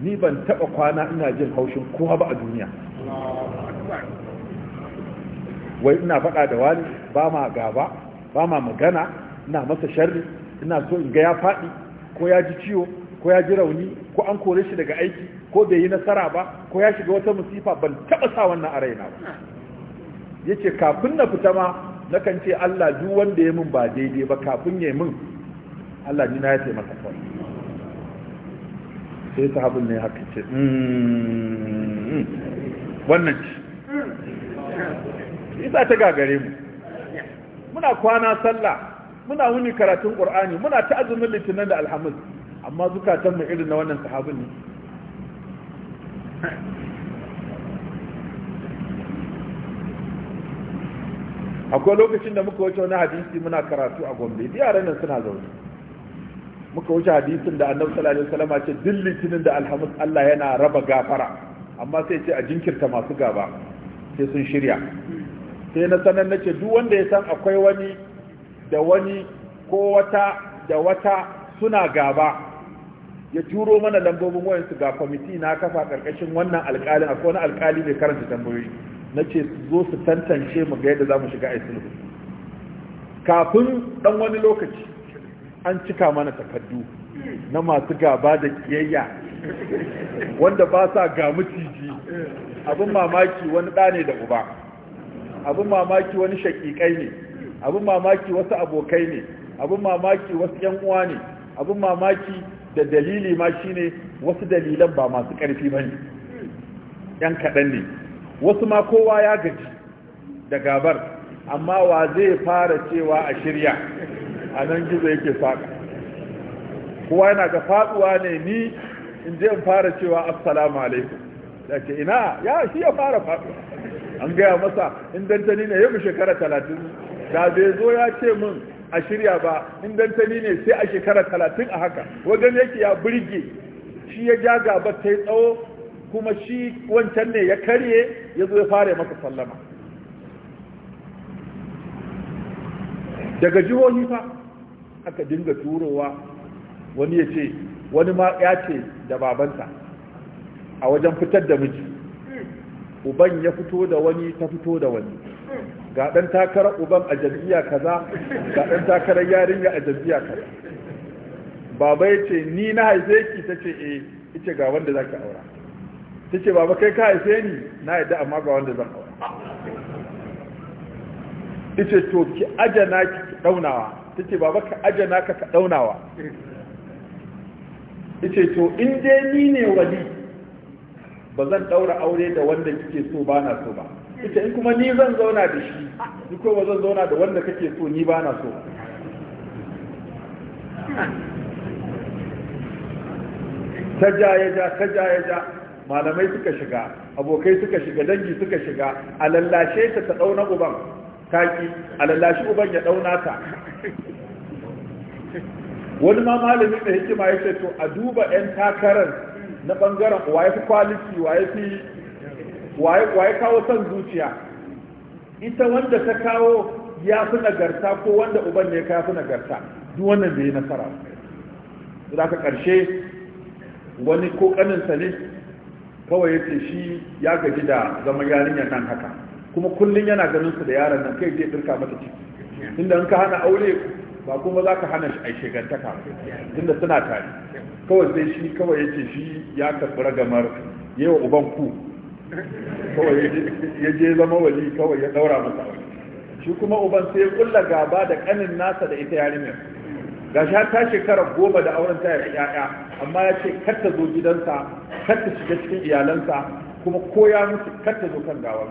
ni ban taɓa kwana ina jin haushin kowa ba a duniya wai ina faɗa da wani ba ma gaba ba ma magana ina masa sharri ina so in ga ya faɗi ko ya ji ciwo ko ya ji rauni ko an kore shi daga aiki ko bai yi nasara ba ko ya shiga wata musifa ban taɓa sa wannan a raina ba ya ce kafin na fita ma na kan ce Allah duk wanda ya min ba daidai ba kafin ya min Allah ni na ya taimaka kawai sai sahabin ne haka ce wannan ce isa ta gagare mu muna kwana sallah muna wuni karatun qur'ani muna ta azumin litinin da alhamis amma mu irin na wannan sahabin ne akwai lokacin da muka wuce wani hadisi muna karatu a gombe yaran nan suna zaune muka wuce hadisin da annabi sallallahu alaihi wasallam ce duk litinin da alhamis Allah yana raba gafara amma sai ce a jinkirta masu gaba sai sun shirya sai na sanar nace duk wanda ya san akwai wani da wani ko wata da wata suna gaba ya turo mana lambobin wayansu ga kwamiti na kafa karkashin wannan alƙalin akwai wani alƙali mai karanta tambayoyi na ce zo su tantance mu ga yadda za mu shiga a kafin ɗan wani lokaci an cika mana takardu na masu gaba da kiyayya wanda ba sa ga mutiji abin mamaki wani da ne da uba abin mamaki wani shakikai ne abin mamaki wasu abokai ne abin mamaki wasu ‘yan uwa ne abin mamaki da dalili ma shine wasu dalilan ba masu ƙarfi ba ne ‘yan kaɗan ne wasu ma kowa ya gaji da gabar amma wa zai fara cewa a shirya a nan gizo yake faɗa kowa yana ga faɗuwa ne ni in je fara cewa assalamu alaikum da ke ina ya shi ya fara faɗuwa an gaya masa in dantani ne yau shekara talatin da bai zo ya ce min a shirya ba in dantani ne sai a shekara talatin a haka wajen yake ya birge shi ya ja gaba ta yi tsawo kuma shi wancan ne ya karye ya zo ya fara masa sallama daga jihohi fa aka dinga turowa wani ya ce wani ma ya ce da babanta a wajen fitar da miji uban ya fito da wani ta fito da wani ga dan takarar uban a jam'iyya kaza ga dan takarar yarinya a jam'iyya kaza baba ya ce ni na haife ki ta ce eh ita ga wanda zaki aura ta ce baba kai ka haife ni na yadda amma ga wanda zan aura ita to ki ajana ki daunawa ta ce baba ka ajana ka ka daunawa ita to in dai ni ne wali ba zan daura aure da wanda kike so ba na so ba ita in kuma ni zan zauna da shi ni ko ba zan zauna da wanda kake so ni ba na so ta ja ya ja ta ja ya ja malamai suka shiga abokai suka shiga dangi suka shiga a lallashe ta ta dauna uban taki a lallashi uban ya dauna ta wani ma malami mai hikima ya ce to a duba 'yan takarar na bangaren waye fi kwaliti waye fi waye kawo son zuciya ita wanda ta kawo ya fi nagarta ko wanda uban ne ya fi nagarta duk wannan bai yi nasara za ka ƙarshe wani ko ƙaninsa ne kawai ya ce shi ya gaji da zaman yarinyar nan haka kuma kullum yana ganin su da yaran nan kai zai ɗirka mata ciki inda in ka hana aure ba kuma za ka hana shi a shegantaka tunda suna tare kawai sai shi kawai ya ce shi ya karɓi ragamar yawa uban ku kawai ya je zama wali kawai ya daura masa shi kuma uban sai kulla gaba da kanin nasa da ita yarinyar ga shi ta shekara goma da auren ta ya'ya amma ya ce kar ta zo gidansa kar ta shiga cikin iyalansa kuma ko ya mutu kar ta zo kan gawar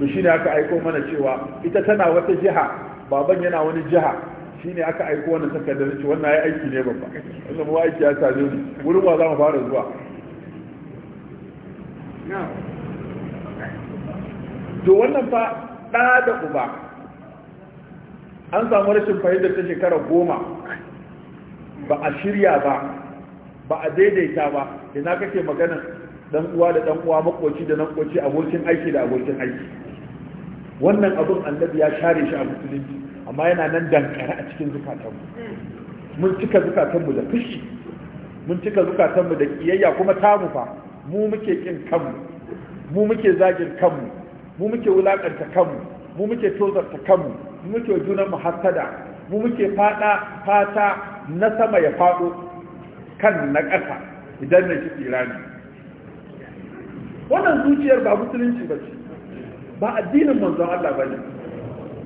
to shine aka aiko mana cewa ita tana wata jiha baban yana wani jiha shine aka aiko wannan takardar ce wannan ya aiki ne babba wannan mu aiki ya same mu wurin wa za mu fara zuwa to wannan fa ɗa da uba an samu rashin fahimtar ta shekara goma ba a shirya ba ba a daidaita ba ina kake magana dan uwa da dan uwa makoci da makoci abokin aiki da abokin aiki wannan abun annabi ya share shi a musulunci amma yana nan dankare a cikin zukatanmu mun cika zukatanmu da fushi mun cika zukatanmu da kiyayya kuma tamu fa mu muke kin kanmu mu muke zagin kanmu mu muke wulakanta kanmu mu muke tozarta kanmu mu muke junan mu hasada mu muke fada fata na sama ya fado kan na ƙasa idan na shi tsira wannan zuciyar ba musulunci ba ce ba addinin manzon Allah ba ne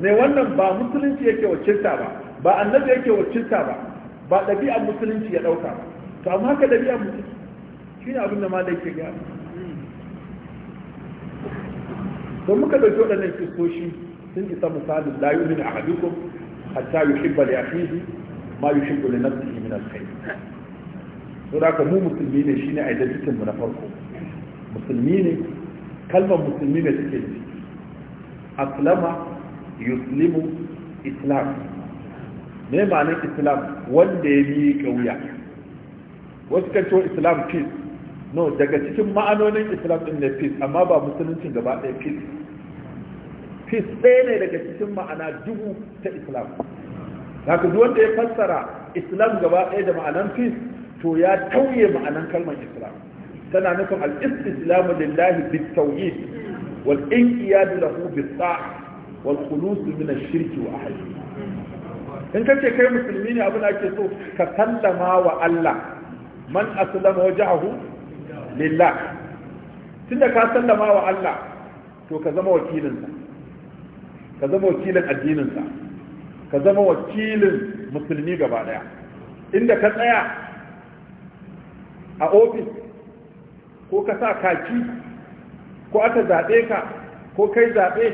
ne wannan ba musulunci yake wakilta ba ba annabi yake wakilta ba ba ɗabi'ar musulunci ya ɗauka ba to amma haka ɗabi'ar musulunci shi ne abin da malai ke gaya don muka da ɗauki waɗannan fiskoshi sun isa misalin la yu'minu ahadukum hatta yuhibba li akhihi ma yuhibbu li nafsihi min al-khair to da mu musulmi ne shine identity mu na farko musulmi ne kalmar musulmi ne take ne aslama yuslimu islam me ma'anar islam wanda ya miƙa wuya wasu kan islam peace no daga cikin ma'anonin islam din ne peace amma ba musuluncin gaba ɗaya peace peace ɗaya ne daga cikin ma'ana dubu ta islam haka duk wanda ya fassara islam gaba ɗaya da ma'anan peace to ya tauye ma'anan kalmar islam tana nufin al islamu lillahi bit-tawhid wal inqiyad lahu bis-sa'a wal khulus min ash-shirk wa ahli in kace kai musulmi ne abin ake so ka sallama wa Allah man aslama wajhahu lillah tunda ka sallama wa Allah to ka zama wakilinsa ka zama wakilin addininsa ka zama wakilin musulmi gaba daya inda ka tsaya a ofis ko ka sa kaki ko aka zaɓe ka ko kai zaɓe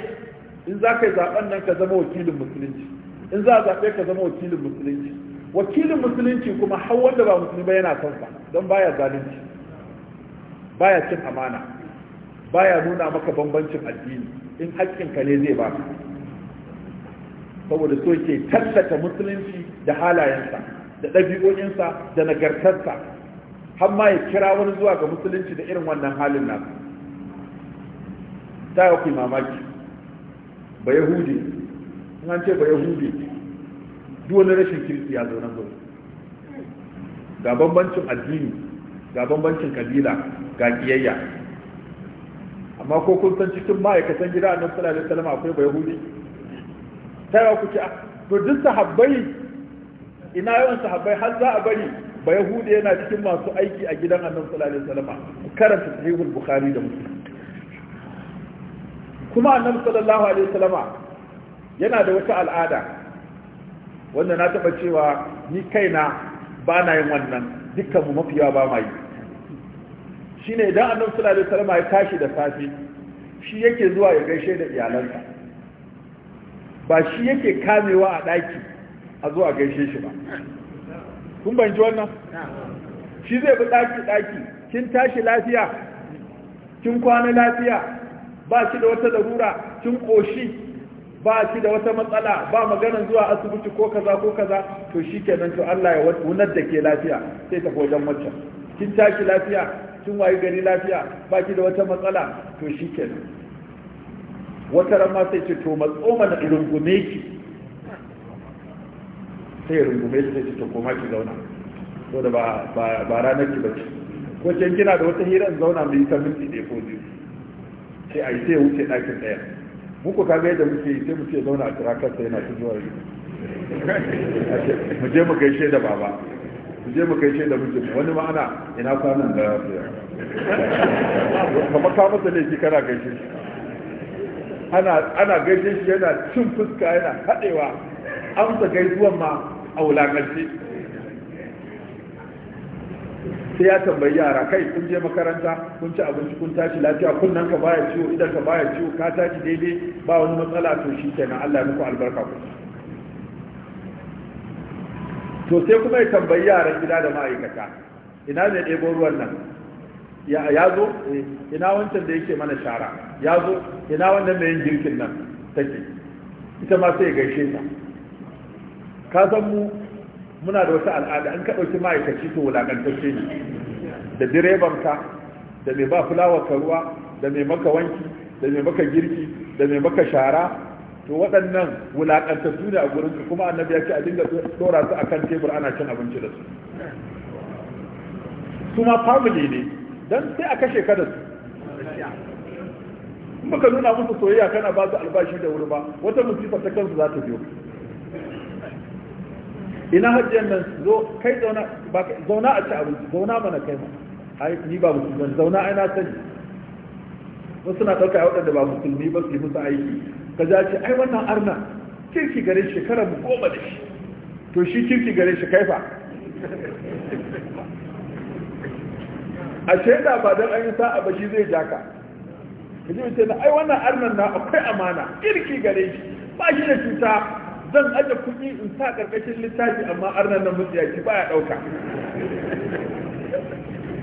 in za ka yi zaɓen nan ka zama wakilin musulunci in za a zaɓe ka zama wakilin musulunci wakilin musulunci kuma har wanda ba musulmi ba yana son sa don baya zalunci baya cin amana baya nuna maka bambancin addini in haƙƙinka ne zai baka saboda so ke tallata musulunci da halayensa da ɗabi'o'insa da nagartarsa har ma ya kira wani zuwa ga musulunci da irin wannan halin nasu ta yi mamaki ba yahudi in an ce ba yahudi duk wani rashin kirki ya zo nan ga bambancin addini ga bambancin kabila ga kiyayya amma ko kun san cikin ma'aikatan gida annabi sallallahu alaihi wasallam akwai bayahudi taya kuke ah, to duk sahabbai ina yawan sahabbai har za a bari bayahudi yana cikin masu aiki a gidan annabi sallallahu alaihi wasallam karanta sahihul bukhari da muslim kuma annabi sallallahu alaihi Salama yana da wata al'ada wanda na taba cewa ni kaina ba na yin wannan dukkan mu mafiya ba ma yi ne idan annabi sallallahu alaihi wasallam ya tashi da safe shi yake zuwa ya gaishe da iyalansa ba shi yake kamewa a daki a zuwa gaishe shi ba kun banci wannan shi zai bi daki daki kin tashi lafiya kin kwana lafiya ba shi da wata darura, kin koshi ba shi da wata matsala ba magana zuwa asibiti ko kaza ko kaza to shikenan to Allah ya wunar da ke lafiya sai ta wajen macca. kin tashi lafiya kin wayi gari lafiya baki da wata matsala to shi shikenan wata rama sai ce to matso mana rungume ki sai rungume ki sai ce to koma ki zauna to da ba ba ranar ki bace ko ce kina da wata hira zauna mai ta minti ɗaya ko ji sai a yi sai wuce ɗakin ɗaya muku kaga yadda muke yi sai muke zauna a kira kansa yana ta zuwa mu je mu gaishe da baba ku je mu kai da muke wani ma'ana ina sanin da lafiya kamar ka masa laifi kana gaishe shi ana gaishe shi yana cin fuska yana haɗewa amsa gaisuwan ma a wulakanci sai ya tambayi yara kai kun je makaranta kun ci abinci kun tashi lafiya kunnan ka baya ciwo idan ka baya ciwo ka tashi daidai ba wani matsala to shi kenan Allah ya muku albarka ku to sai kuma ya tambayi yaran gida da ma'aikata ina ne ɗebo ruwan nan ya zo eh, ina wancan da yake mana shara ya zo ina wannan mai yin girkin nan take ita ma sai gaishe ta ka san mu muna da wata al'ada an ka ɗauki ma'aikaci to wulaƙantacce ne da direban ka da mai ba fulawar ka ruwa da mai maka wanki da mai maka girki da mai maka shara to waɗannan wulaƙantattu ne a gurin su kuma annabi ya ce a dinga ɗora su kan tebur ana cin abinci da su su ma family ne don sai a kashe ka da su muka nuna musu soyayya kana ba su albashi da wuri ba wata musifa ta kansu za ta biyo ina hajjiyar nan zo kai zauna a ci abinci zauna mana kai ma ai ni ba musulman zauna ai na sani wasu na ɗauka waɗanda ba musulmi ba su yi musu aiki ka za ce ai wannan arna kirki gare shekara mu goma da shi to shi kirki gare shi kaifa a shaida ba don an yi sa'a ba shi zai jaka ka ji ce na ai wannan arnan na akwai amana kirki gare shi ba shi da cuta zan aje kuɗi in sa ƙarƙashin littafi amma arnan nan ya ki ba ya ɗauka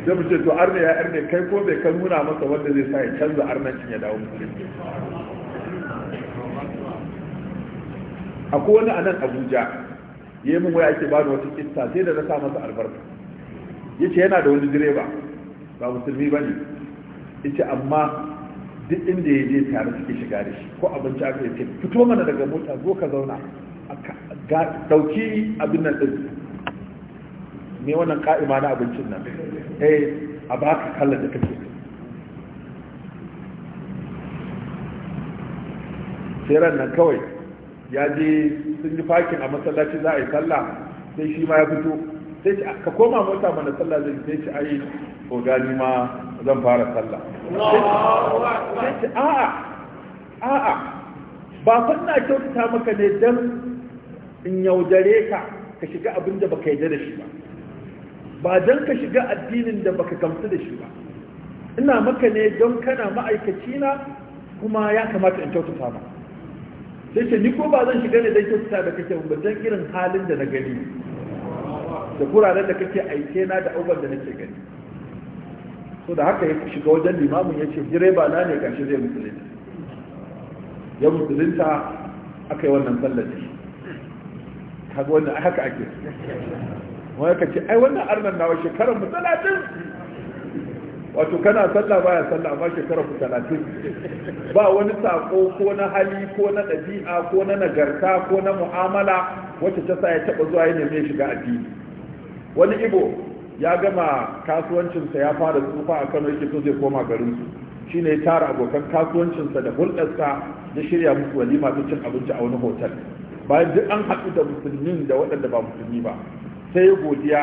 zai mu ce to arna ya arna kai ko bai kan nuna masa wanda zai sa ya canza cin ya dawo musulunci akwai wani anan abuja ya yi min waya ake bada wata kista sai da na sa masa albarka ya ce yana da wani direba ba musulmi ba ne Ya ce amma duk inda ya je tare suke shiga da shi ko abinci aka yi fito mana daga mota zo ka zauna dauki abin nan din me wannan ka'ima na abincin nan eh a baka kallon da kake sai ran nan kawai ya je sun yi fakin a masallaci za a yi sallah sai shi ma ya fito sai ce ah, ka koma mota mana sallah zai sai ce ai ko gani ma zan fara sallah sai ce a'a a'a ba fanna kyautata maka ne dan in yaudare ka ka shiga abin da baka yarda da shi ba ba dan ka shiga addinin da baka gamsu da shi ba ina maka ne don kana ma'aikaci na kuma ya kamata in kyautata maka sai ce ni ko ba zan shiga ne don kyautata da kake ba don irin halin da na gani da kuraren da kake aike na da abubuwan da nake gani so da haka ya shiga wajen limamin ya ce direba na ne gashi zai musulunta ya musulunta aka yi wannan sallar da shi haka ake wani ka ce ai wannan arnan nawa shekarar mu talatin wato kana sallah baya sallah amma shekara ku talatin ba wani sako ko na hali ko na ɗabi'a ko na nagarta ko na mu'amala wacce ta sa ya taɓa zuwa ya shiga addini wani ibo ya gama kasuwancinsa ya fara tsufa a kano yake so zai koma garin su shine ya tara abokan kasuwancinsa da hulɗarsa ya shirya musu walima ta cin abinci a wani hotel bayan duk an haɗu da musulmin da waɗanda ba musulmi ba sai ya godiya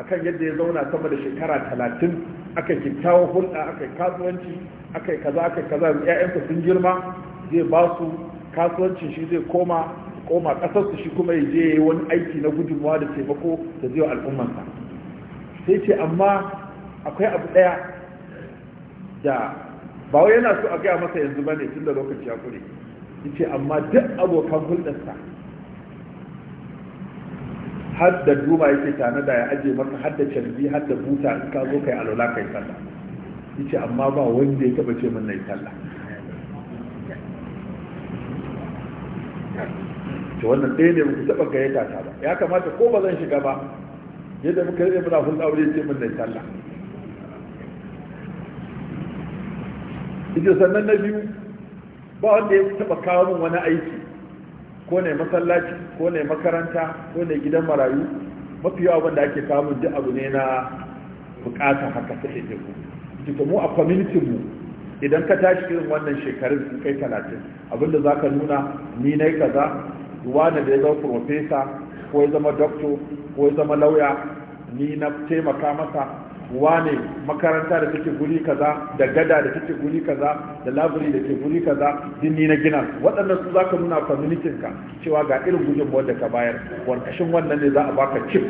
akan yadda ya zauna sama da shekara talatin aka kyakkyawa hulɗa aka yi kasuwanci aka yi kaza aka yi kaza ƴaƴansa sun girma zai ba su kasuwancin shi zai koma koma ƙasarsu shi kuma ya je yi wani aiki na gudunmawa da taimako da zai wa al'ummarsa sai ce amma akwai abu ɗaya da ba wai yana so a gaya masa yanzu ba ne tun da lokaci ya kure ce amma duk abokan hulɗarsa hadda duba yake tana da ya aje maka hadda canji hadda buta in ka zo kai alola, kai sallah yace amma ba wanda ya taba ce min nayi sallah to wannan ɗaya ne muku taba gayyata ta ba ya kamata ko ba zan shiga ba yadda muka yi muna hulɗa aure ce min nayi sallah yace sannan na biyu ba wanda ya taba kawo min wani aiki ko ne masallaci ko ne makaranta ko ne gidan marayu mafi yawa wanda ake samu duk abu ne na bukata haka ta ɗaiɗe ku jika mu a kwamitin mu idan ka tashi irin wannan shekarun sun kai talatin abinda za ka nuna ni na kaza wani da ya zama profesa ko ya zama doctor ko ya zama lauya ni na taimaka masa wane makaranta da take guri kaza da gada da take guri kaza da labiri da ke guri kaza dinni na gina waɗannan su zaka nuna community ka cewa ga irin gudun wanda ka bayar warkashin wannan ne za a baka chip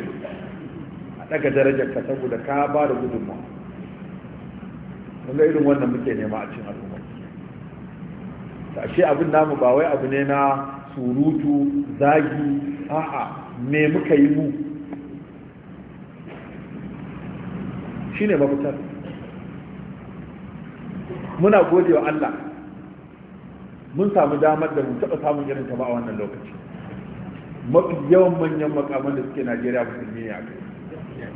a daga darajar ka saboda ka ba da gudun mun ga irin wannan muke nema a cikin al'umma ta ashe abin namu ba wai abu ne na surutu zagi a'a me muka yi mu shine mafitar muna gode wa Allah mun samu damar da mu taɓa samun irin ta ba a wannan lokaci mafi yawan manyan makaman da suke Najeriya musulmi ne a kai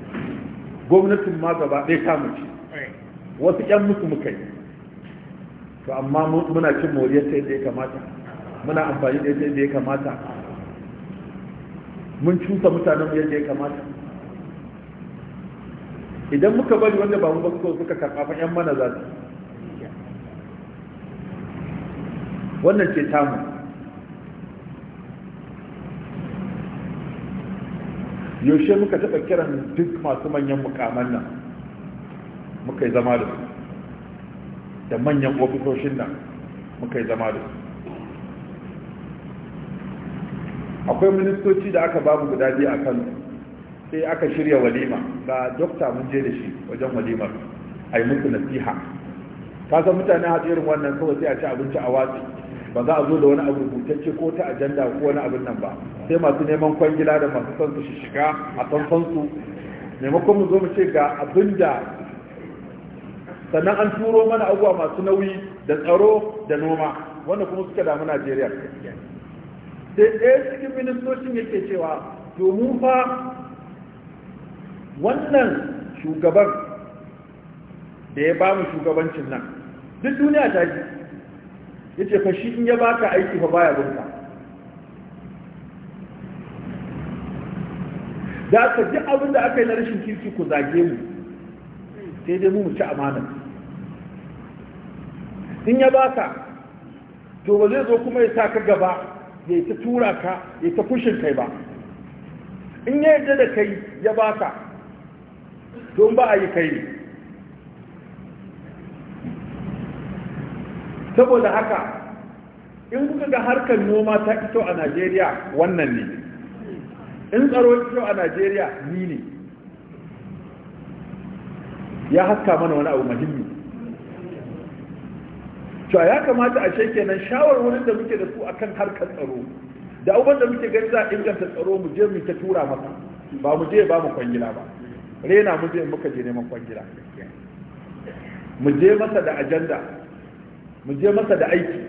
gwamnatin ma gaba ɗaya ta mu ci wasu ƴan musu muka yi to amma muna cin moriyar ta yadda ya kamata muna amfani da yadda ya kamata mun cusa mutanen yadda ya kamata idan muka bari wanda ba mu ba suka suka karɓa fa yan mana za su wannan ce tamu yaushe muka taɓa kiran duk masu manyan mukaman nan muka yi zama da su da manyan ofisoshin nan muka yi zama da su akwai ministoci da aka babu guda biyu a kano sai aka shirya walima ga dokta mun je da shi wajen walimar a yi musu nasiha ka san mutane a irin wannan kawai sai a ci abinci a watsi ba za a zo da wani abu rubutacce ko ta ajanda ko wani abin nan ba sai masu neman kwangila da masu son su shiga a san su maimakon mu zo mu ce ga abin da sannan an turo mana abubuwa masu nauyi da tsaro da noma wanda kuma suka damu najeriya sai ɗaya cikin ministocin yake cewa domin fa wannan shugaban da ya ba mu shugabancin nan duk duniya ta ji ya ce fashi in ya baka aiki fa baya bunka da aka ji abin da aka yi na rashin kirki ku zage mu sai dai mu mu ci amana in ya baka to ba zai zo kuma ya sa ka gaba ya ta tura ka ya ta kushin kai ba in ya yadda da kai ya baka don ba a yi kai saboda haka in kuka ga harkar noma ta kyau a najeriya wannan ne in tsaro kyau a najeriya ni ne ya haska mana wani abu muhimmi cewa ya kamata a nan shawarwarin da muke da su akan harkar tsaro da abubuwan da muke gani za a inganta tsaro mu je mu ta tura masa ba mu je ba mu kwangila ba rena mu je muka je neman kwangila mu je masa da ajanda mu je masa da aiki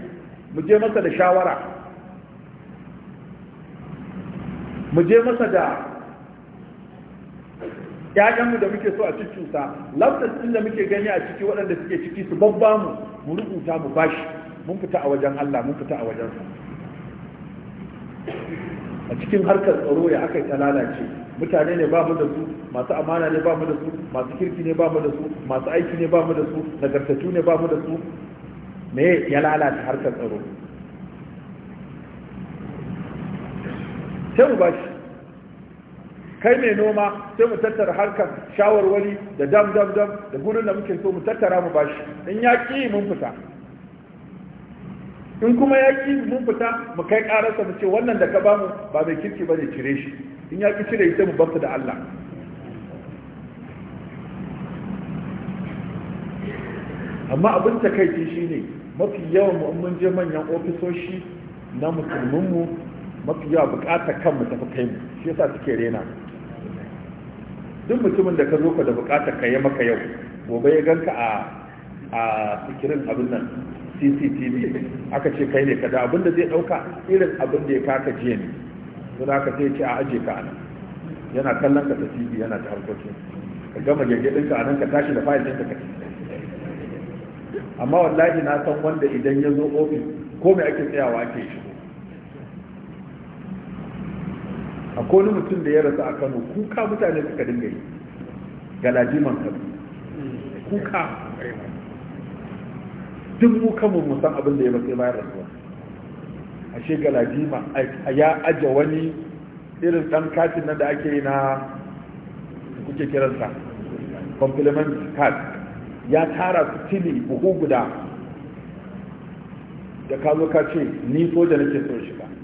mu je masa da shawara mu je masa da ƴaƴanmu da muke so a cucusa lafsas ɗin da muke gani a ciki waɗanda suke ciki su babba mu mu rubuta mu bashi mun fita a wajen Allah mun fita a wajen sa a cikin harkar tsaro ya aka ta lalace mutane ne babu da su masu amana ne ba mu da su masu kirki ne ba mu da su masu aiki ne ba mu da su nagartattu ne ba mu da su me ya lalata harkar tsaro sai mu bashi kai mai noma sai mu tattara harkar shawarwari da dam dam dam da gurin da muke so mu tattara mu bashi in ya ki mun fita in kuma ya ki mun fita mu kai ƙararsa mu ce wannan da ka bamu ba mai kirki ba ne cire shi in ya ki cire ita mu bafta da Allah amma abin takaici shine mafi yawan mu mun je manyan ofisoshi na musulminmu mafi yawa bukatar kanmu tafi kai mu shi yasa suke rena duk mutumin da ka zo ka da bukatar ka yi maka yau gobe ya ganka a a sikirin abin nan cctv aka ce kai ne kada abin da zai dauka irin abin da ya kaka jiya ne don haka sai ce a aje ka anan yana kallon ka ta tv yana ta harkokin ka gama gyangyaɗinka a nan ka tashi da fayil ɗin ka tafi amma wallahi na san wanda idan ya zo ofis ko mai ake tsayawa ake shigo ko ni mutum da ya rasu a kano kuka mutane suka dinga yi galajiman kano kuka duk mu kanmu mu san abin da ya matsayi bayan rasuwa ashe a ya aje wani irin dan katin nan da ake yi na kuke kiransa complement card ya tara su tili buhu guda da ka ka ce ni soja nake son shiga sai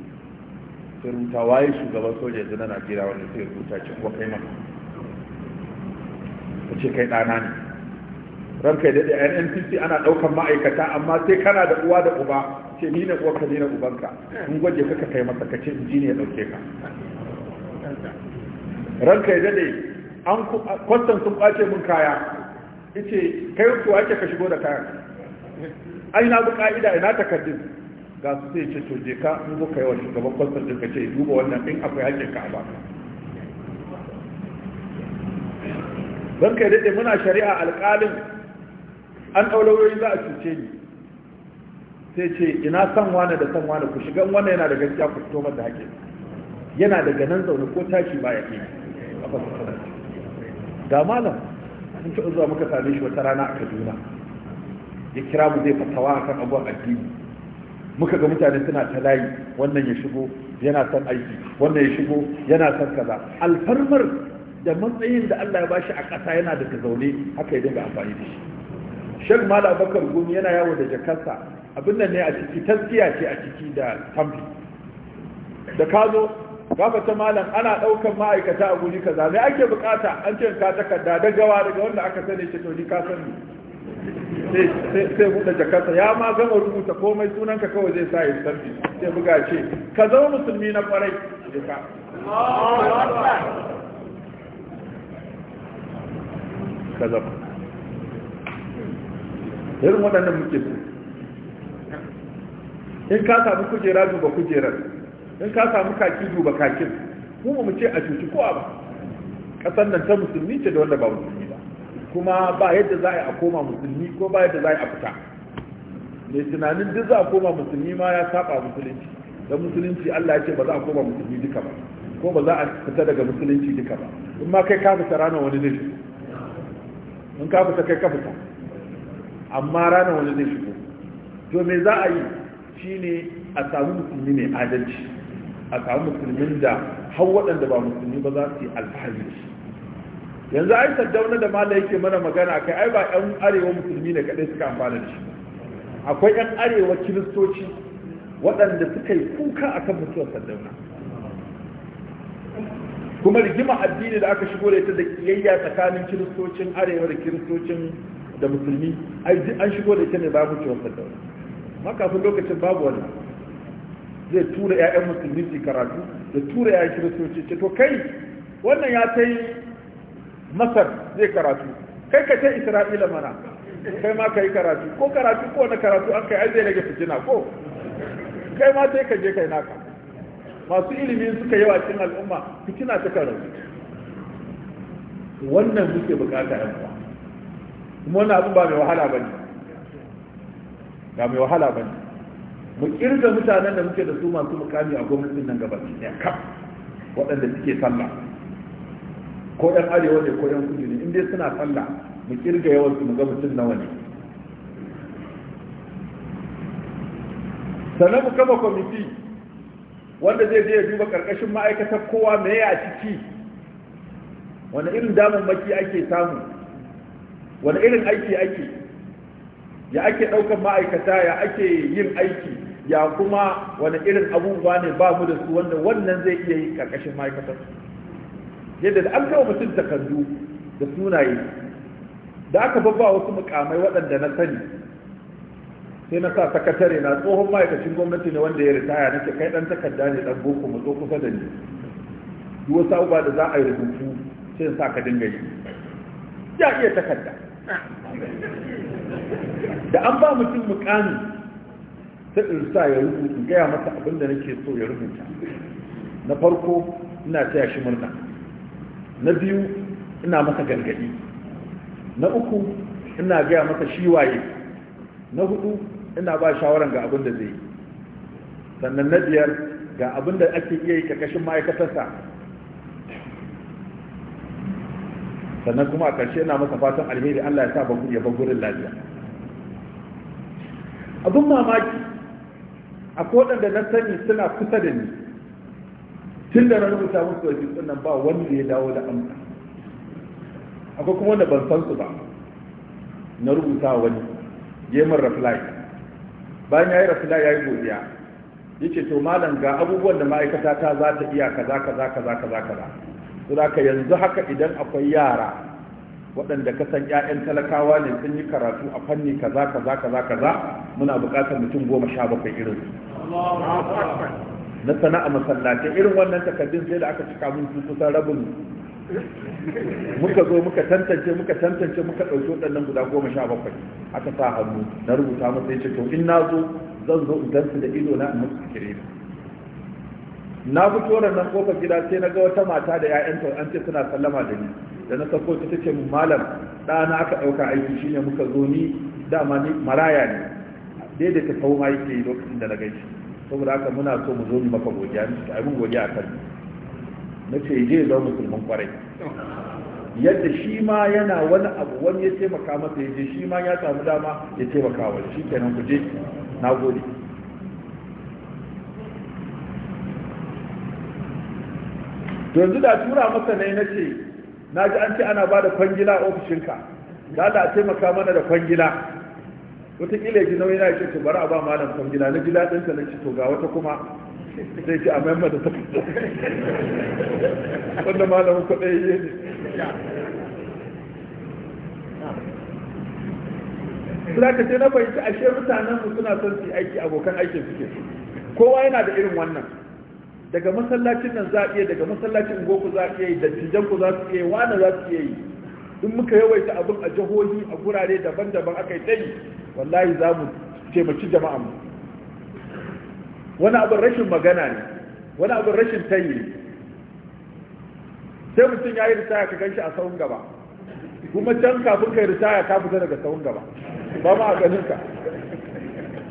Ruta, waye shugaban soja yanzu na najeriya wanda sai rubuta ce kuma kai maka ka ce kai ɗana ne ranka da nnpc ana ɗaukan ma'aikata amma sai kana da uwa da uba ce ni na uwa ka ni na ubanka in gwaje ka kai masa ka ce inji ne ya ɗauke ka ranka ya daɗe an kwastan sun ɓace mun kaya yace kai kuwa ake ka shigo da kayan ai na bi ka'ida ina takardun ga su sai ce to je ka in kuka yawa shugaban kwastar ɗin ka ce duba wannan din akwai haƙƙin ka a baka don kai daɗe muna shari'a alƙalin an ɗaulawoyi za a cuce ni sai ce ina san wane da san wane ku shigan wannan yana da gaskiya ku fito mata haƙƙi yana daga nan zaune ko tashi ba ya ke a fasasar da malam sun ci zuwa muka same shi wata rana a kaduna ya kira mu zai fatawa akan abuwan addini muka ga mutane suna ta layi wannan ya shigo yana son aiki wannan ya shigo yana son kaza alfarmar da matsayin da Allah ya bashi a ƙasa yana da zaune haka ya dinga amfani da shi shek malam bakar gumi yana yawo da jakarsa abin nan ne a ciki taskiya ce a ciki da tamfi da ka gaba ta malam ana ɗaukan ma'aikata a guri kaza me ake bukata an ce ka takarda da gawa daga wanda aka sani ce to ni ka sani sai buɗe jakarta ya ma gama rubuta komai sunanka kawai zai sa yin sanfi sai buga ce ka zama musulmi na kwarai jika ka zama irin waɗannan muke su in ka samu kujera duba kujerar in ka samu kaki duba kakin mu mu ce a cuci kowa ba kasar nan ta musulmi ce da wanda ba musulmi ba kuma ba yadda za a koma musulmi ko ba yadda za a fita mai tunanin duk za a koma musulmi ma ya saba musulunci da musulunci Allah ya ce ba za a koma musulmi duka ba ko ba za a fita daga musulunci duka ba in ma kai ka fita ranar wani zai shigo in ka fita kai ka fita amma ranar wani zai shigo to me za a yi shine a samu musulmi mai adalci a samu musulmin da har waɗanda ba musulmi ba za su yi alfahari yanzu ai saddauna da mala yake mana magana kai ai ba yan arewa musulmi ne kaɗai suka amfana da shi akwai yan arewa kiristoci waɗanda suka yi kuka a kan mutuwar saddauna kuma rigima addini da aka shigo da ita da ƙiyayya tsakanin kiristocin arewa da kiristocin da musulmi an shigo da ita ne ba ciwon saddauna maka sun lokacin babu wani zai tura 'ya'yan musulmi su karatu da tura 'ya'yan kiristoci ce to kai wannan ya ta yi masar zai karatu kai ka ce isra'ila mana kai ma ka yi karatu ko karatu ko wani karatu an kai aizai zai rage fitina ko kai ma sai ka je kai naka masu ilimi suka yawa cikin al'umma fitina ta karatu wannan muke bukata yan kuma wannan abin ba mai wahala bane ba mai wahala bane mu kirga mutanen da muke da su masu mukami a gwamnatin nan gaba ne kaf waɗanda suke sallah ko ɗan arewa ne ko ɗan kudu ne in dai suna sallah mu kirga yawan su mu ga mutum nawa ne sannan mu kama kwamiti wanda zai je ya duba ƙarƙashin ma'aikatar kowa me ya ciki wani irin maki ake samu wani irin aiki ake ya ake ɗaukar ma'aikata ya ake yin aiki ya kuma wani irin abubuwa ne ba mu da su wanda wannan zai iya yi karkashin ma'aikatar yadda da an kawo mutum takardu da sunaye da aka babba wasu mukamai waɗanda na sani sai na sa sakatare na tsohon ma'aikacin gwamnati ne wanda ya ritaya nake kai dan takarda ne dan boko mu zo kusa da ni duk wasu abubuwa da za a yi rubutu sai sa ka dinga yi ya iya takarda da an ba mutum mukami sai in sa ya rubuta gaya abin da nake so ya rubuta na farko ina taya shi murna na biyu ina masa gargadi na uku ina gaya masa shi waye na hudu ina ba shawaran ga abin da zai yi sannan na biyar ga abin da ake iya yi ma'aikatar ma'aikatarsa sannan kuma a ƙarshe yana masa fatan alheri Allah ya sa ya bagurin lafiya abin mamaki a da na sani suna kusa da ni tun da na rubuta musu wasiƙun nan ba wanda ya dawo da amsa akwai kuma wanda ban san su ba na rubuta wani ya min reply bayan ya yi reply ya yi godiya ya ce to malam ga abubuwan da ma'aikata ta za ta iya kaza kaza kaza kaza kaza to da yanzu haka idan akwai yara waɗanda ka san ƴaƴan talakawa ne sun yi karatu a fanni kaza kaza kaza kaza muna buƙatar mutum goma sha bakwai irin na sana'a masallatai irin wannan takardun sai da aka cika mun su kusan rabin muka zo muka tantance muka tantance muka ɗauki waɗannan guda goma sha bakwai aka sa hannu na rubuta masa ya ce to in na zo zan zo in gansu da ido na in musu kire na fito nan kofar gida sai na ga wata mata da 'ya'yanta an ce suna sallama da ni da na sako ta ce mun malam ɗana aka ɗauka aiki shine muka zo ni dama ni maraya ne daidaita kawo yake yi lokacin da na gaishe saboda haka muna so mu zo mu maka godiya ni ta abin godiya a kan na ce je zo musulman kwarai yadda shi ma yana wani abu wani ya taimaka masa ya je shi ma ya samu dama ya taimaka wa shi kenan ku je na gode yanzu da tura masa ne na ce na ji an ce ana ba da kwangila a ofishinka da Allah a taimaka mana da kwangila wataƙila ji nauyi na ce to bari a ba malam kwangila na ji daɗin ta na ci to ga wata kuma sai ce a maimma mata ta wanda malamin kwaɗe yi ne suna ka ce na fahimci ashe mutanen suna son su yi aiki abokan aikin suke kowa yana da irin wannan daga masallacin nan za a iya daga masallacin goku za a iya yi da ku za su iya yi wani za su iya yi in muka yawaita abin a jihohi a gurare daban-daban aka yi tsayi wallahi za mu taimaki jama'a mu wani abin rashin magana ne wani abin rashin tayi ne sai mutum ya yi ritaya ka ganshi a sahun gaba kuma can kafin kai ritaya ka fita daga sahun gaba ba ma a ganin ka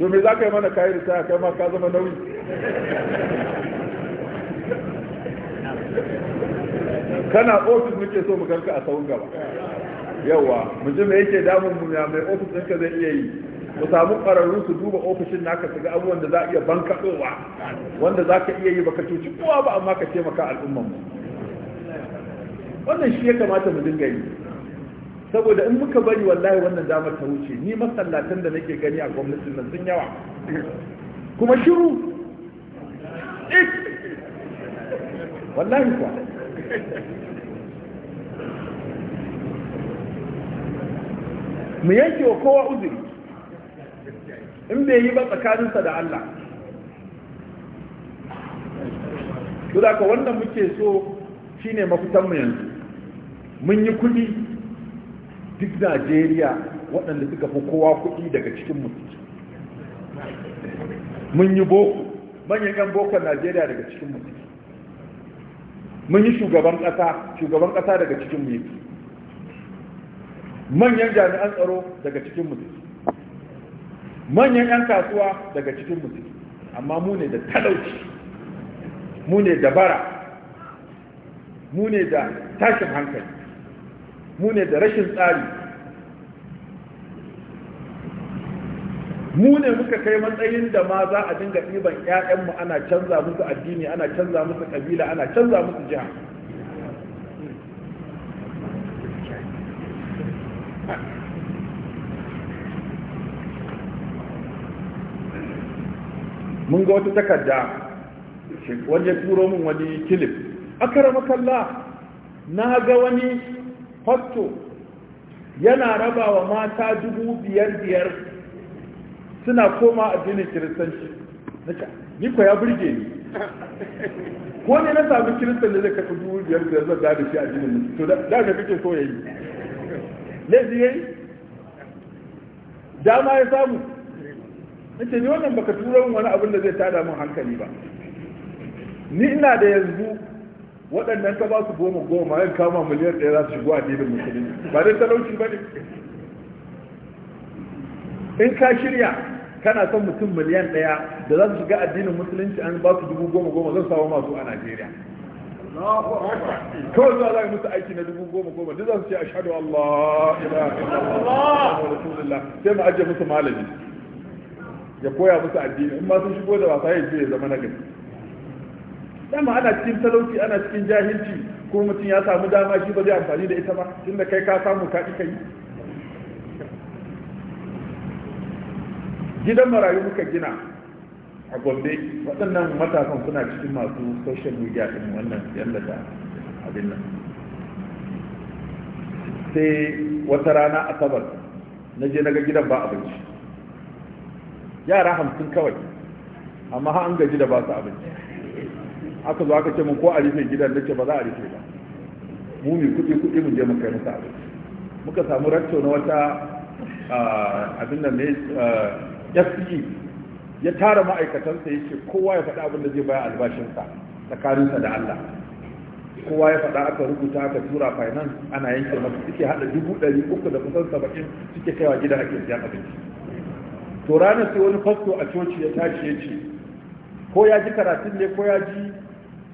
to me za ka yi mana kayi ritaya kai ma ka zama nauyi kana ofis muke so mu ganka a tsawon gaba yawa mu ji me yake damun mu ya mai ofis ɗinka zai iya yi mu samu ƙwararru su duba ofishin naka su ga abubuwan da za a iya bankaɗowa wanda za ka iya yi baka cuci kowa ba amma ka taimaka al'umman mu wannan shi ya kamata mu dinga yi saboda in muka bari wallahi wannan damar ta wuce ni masallatan da nake gani a gwamnatin nan sun yawa kuma shiru wallahi kuwa mu yanke wa kowa uzuri in bai yi ba tsakaninsa da Allah to da wanda muke so shine mafitanmu yanzu mun yi kudi duk Najeriya waɗanda suka fi kowa kudi daga cikin mutum mun yi boko manyan yan bokon Najeriya daga cikin mutum mun yi shugaban ƙasa shugaban ƙasa daga cikin mu yake manyan jami'an tsaro daga cikin mu manyan 'yan kasuwa daga cikin mu amma mu ne da talauci mu ne da bara mu ne da tashin hankali mu ne da rashin tsari mu ne muka kai matsayin da ma za a dinga ɗiban ƴaƴanmu ana canza musu addini ana canza musu kabila ana canza musu jiha mun ga wata takarda wani ya turo min wani kilif akarama makalla, na ga wani fasto yana raba wa mata dubu biyar biyar suna koma addinin kiristanci ni ko ya burge ni ko ne na sami kiristan da zai kafa dubu biyar da zan da shi addinin musu to da ka kake so yayi laifi yayi dama ya samu nake ni wannan baka tura min wani abin da zai tada min hankali ba ni ina da yanzu waɗannan ka ba su goma goma yan kama miliyan ɗaya za su shigo a addinin musulmi ba dai talauci ba ne in ka shirya kana son mutum miliyan ɗaya da za su shiga addinin musulunci an ba su dubu goma goma zan samu masu a najeriya kawai zuwa za musu aiki na dubu goma goma duk za su ce a shaɗu allah sai mu ajiye musu malami ya koya musu addini in ma sun shigo da wasa ya ya zama na gari dama ana cikin talauci ana cikin jahilci ko mutum ya samu dama shi ba zai amfani da ita ba tunda kai ka samu ka ƙi yi gidan marayu muka gina a gombe waɗannan matasan suna cikin masu social media ɗin wannan yadda da abin nan sai wata rana asabar na je na ga gidan ba abinci yara hamsin kawai amma ha an gaji da ba su abinci aka zo aka ce mun ko a rufe gidan da ce ba za a rufe ba mu mai kuɗi kuɗi mun je mun kai musu abinci muka samu rancho na wata ah, abin da ne ah, FE ya tara ma'aikatansa ya ce kowa ya faɗa abin da zai baya albashinsa tsakaninsa da Allah kowa ya faɗa aka rubuta aka tura finance ana yanke masu suke haɗa dubu ɗari uku da kusan saba'in suke kaiwa gida ake siyan abinci to ranar sai wani fasto a coci ya tashi ya ce ko ya ji karatun ne ko ya ji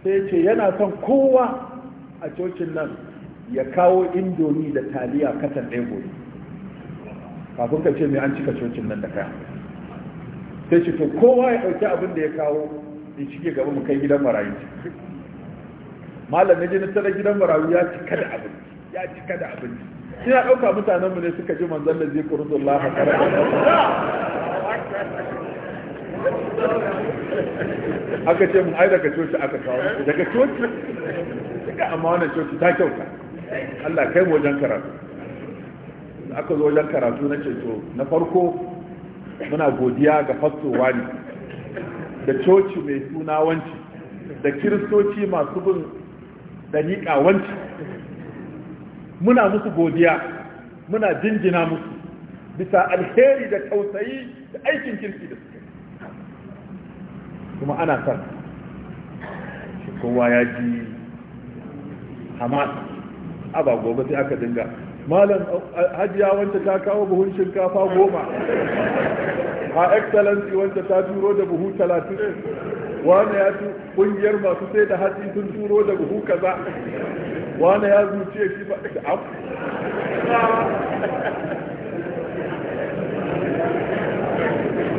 sai ce yana son kowa a cocin nan ya kawo indomi da taliya katan ɗaya gobe kafin ka ce mai an cika cocin nan da kaya sai ce to kowa ya ɗauki abin da ya kawo in shige gaba mu kai gidan marayu malam na jini gidan marayu ya cika da abinci ya cika da abinci ina ɗauka mutanenmu ne suka ji manzon da zai kuru zuwa lafa kare aka ce mun ai daga coci aka kawo daga coci suka amma wannan coci ta kyauta Allah kai mu wajen karatu aka zo wajen karatu na ceto na farko muna godiya ga fastowa ne da coci mai suna wanci da kiristoci masu bin dariƙa wanci muna musu godiya muna jinjina musu bisa alheri da tausayi da aikin kirki da suke kuma ana san kowa ya ji hamas ba gobe sai aka dinga malam hajiya wanda ta kawo buhun shinkafa goma a excellency wanda ta turo da buhu talatin wane ya ci kungiyar masu sai da hatsi sun turo da buhu kaza wane ya zuciya shi ba da abu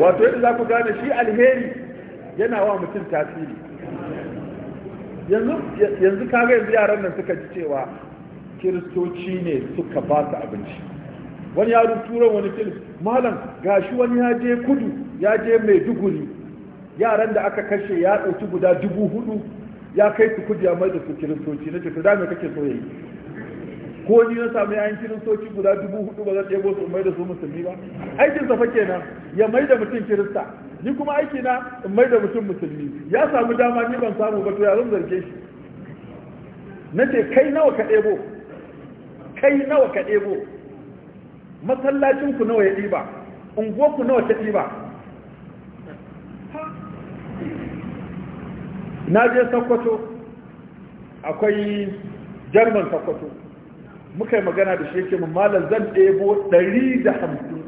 wato yadda za ku gane shi alheri yana wa mutum tasiri yanzu kaga yanzu yaran nan suka ji cewa kiristoci ne suka ba su abinci wani ya turan wani film malam gashi wani ya je kudu ya je mai duguri yaran da aka kashe ya ɗauki guda dubu hudu ya kai su kudu ya mai da su kiristoci na cikin da me kake so ko ni na sami yayin kiristoci guda dubu hudu ba zan ɗebo su mai da su musulmi ba aikin sa fa kenan ya mai da mutum kirista ni kuma aiki na in mai da mutum musulmi ya samu dama ni ban samu ba to ya zan zarge shi na ce kai nawa ka ɗebo kai nawa ka ɗebo masallacinku nawa ya ɗiba unguwarku nawa ta ɗiba na je sakwato akwai german sakwato muka yi magana da shi yake malam zan ɗebo ɗari da hamsin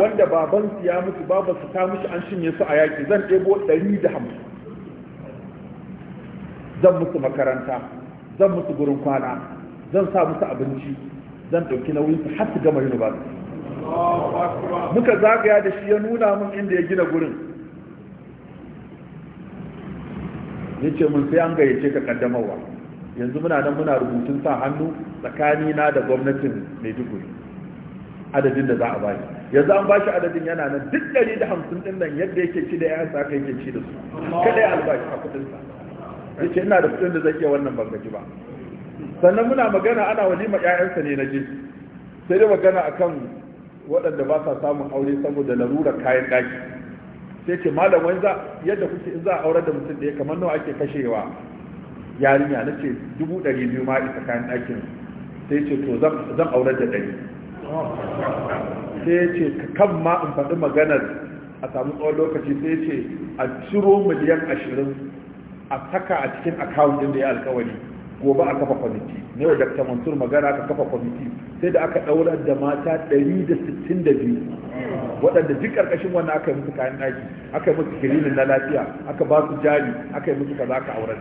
wanda ya mutu babansu ta mushi an shinye su a yaƙi zan ɗebo ɗari zan musu makaranta zan musu gurin kwana zan sa musu abinci zan ɗauki nauyin su har su gama ba muka zagaya da shi ya nuna min inda ya gina gurin ya ce mun sai an gayyace ka kaddamarwa yanzu muna nan muna rubutun sa hannu tsakanina da gwamnatin maiduguri adadin da za a bayi yanzu an bashi adadin yana nan duk dari da hamsin ɗin nan yadda yake ci da ya sa kai yake ci da su kada ya albashi a kudinsa ya ce ina da kuɗin da zai iya wannan bangaji ba sannan muna magana ana walima ƴaƴansa ne na jinsi sai dai magana akan waɗanda ba sa samun aure saboda larura kayan ɗaki sai ce malam wani za yadda kuke in za a aurar da mutum ɗaya kamar nawa ake kashewa yarinya na ce dubu ɗari biyu ma isa kayan ɗakin sai ce to zan aurar da ɗari sai ce kan ma in faɗi maganar a samu tsawon lokaci sai ce a ciro miliyan ashirin a saka a cikin akawun ɗin da ya alkawari gobe a kafa kwamiti ne wa dr mansur magana aka kafa kwamiti sai da aka daular da mata 162 waɗanda duk ƙarƙashin wannan aka yi musu kayan ɗaki aka yi musu kirinin na lafiya aka ba su jari aka yi musu kaza aka aurar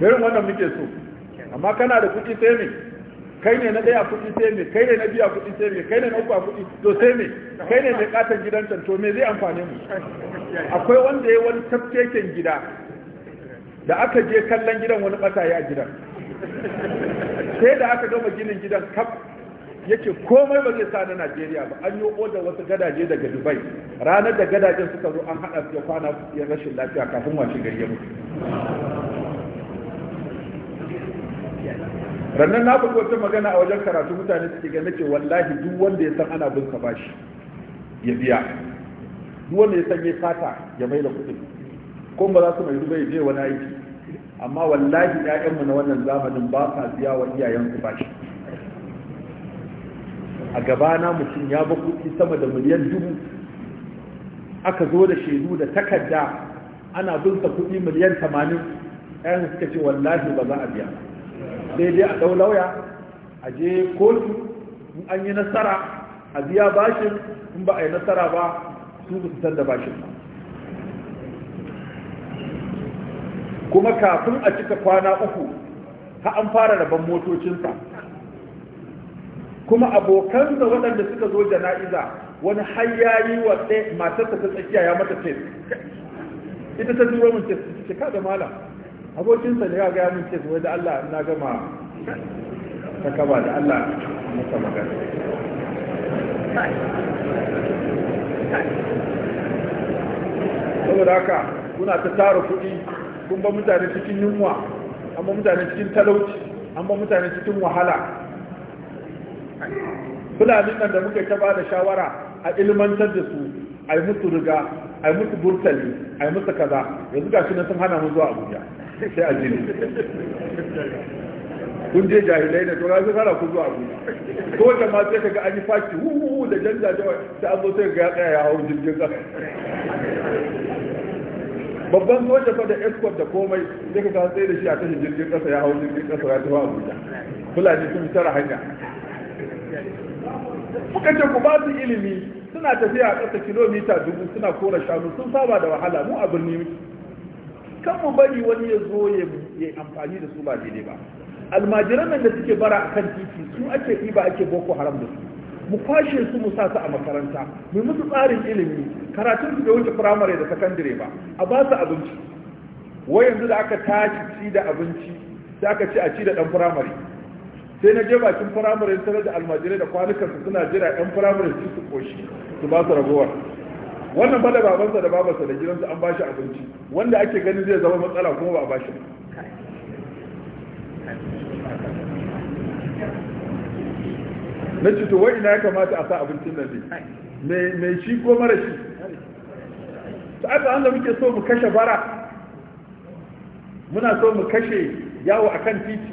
irin wannan muke so amma kana da kuɗi sai me kai ne na ɗaya kuɗi sai me kai ne na biya kuɗi sai me kai ne na uku a kuɗi to sai me kai ne mai katon gidan can to me zai amfane mu akwai wanda ya wani tafkeken gida da aka je kallon gidan wani ɓataye ya gidan sai da aka gama ginin gidan kaf yake komai ba zai sa na Najeriya ba an yi odar wasu gadaje daga Dubai ranar da gadajen suka zo an haɗa ya kwana ya rashin lafiya kafin washe gari ya mutu rannan na fi wata magana a wajen karatu mutane suke gane nake wallahi duk wanda ya san ana bin ka bashi ya biya duk wanda ya san ya sata ya mai da kuɗi ko ba za su mai Dubai je wani aiki amma wallahi ƴaƴanmu na wannan zamanin ba sa biya wa iyayensu shi a gabana mutum ya ba kuɗi sama da miliyan dubu aka zo da shaidu da takarda ana bin kuɗi miliyan tamanin ɗayan suka ce wallahi ba za a biya sai dai a ɗau lauya a je kotu in an yi nasara a biya bashin in ba a yi nasara ba su ba su san da bashin ba kuma kafin a cika kwana uku ha an fara rabon motocinsa kuma abokan da waɗanda suka zo jana'iza wani hayyayi wa matarsa ta tsakiya ya mata fes ita ta zuwa mun fes ce ka da malam abokinsa ne ya gaya mun fes wai da Allah na gama ta kaba da Allah masa magana saboda haka kuna ta tara kuɗi kun ba mutane cikin yunwa an ba mutane cikin talauci an ba mutane cikin wahala fulani nan da muka taba da shawara a ilmantar da su a yi musu riga a yi musu burtali a yi musu kaza yanzu ga na sun hana mu zuwa abuja sai a jini kun je jahilai da to sun hana ku zuwa abuja ko wata ma sai ga an yi faki huhu da janja da sai an zo sai ga ya tsaya ya hau jirgin kasa babban soja fa da escort da komai sai ka tsaye da shi a tashin jirgin kasa ya hau jirgin kasa ya tafi abuja fulani sun tara hanya muka ce ku ba su ilimi suna tafiya a ƙasa kilomita dubu suna kora shanu sun saba da wahala mu a birni kan mu bari wani ya zo ya yi amfani da su ba daidai ba almajiran nan da suke bara a kan titi su ake ba ake boko haram da su mu kwashe su mu sa su a makaranta mu musu tsarin ilimi karatun su da wuce firamare da sakandare ba a ba su abinci wai yanzu da aka tashi ci da abinci sai aka ci a ci da dan firamare sai na je bakin firamare sai da almajirai da kwanukan su suna jira yan firamare su su koshi su ba su ragowar wannan ba da babansa da babansa da gidansa an ba shi abinci wanda ake ganin zai zama matsala kuma ba a ba ba. na ce to wai ina ya kamata a sa abincin nan ne mai shi ko mara shi ta aka an da muke so mu kashe bara muna so mu kashe yawo akan titi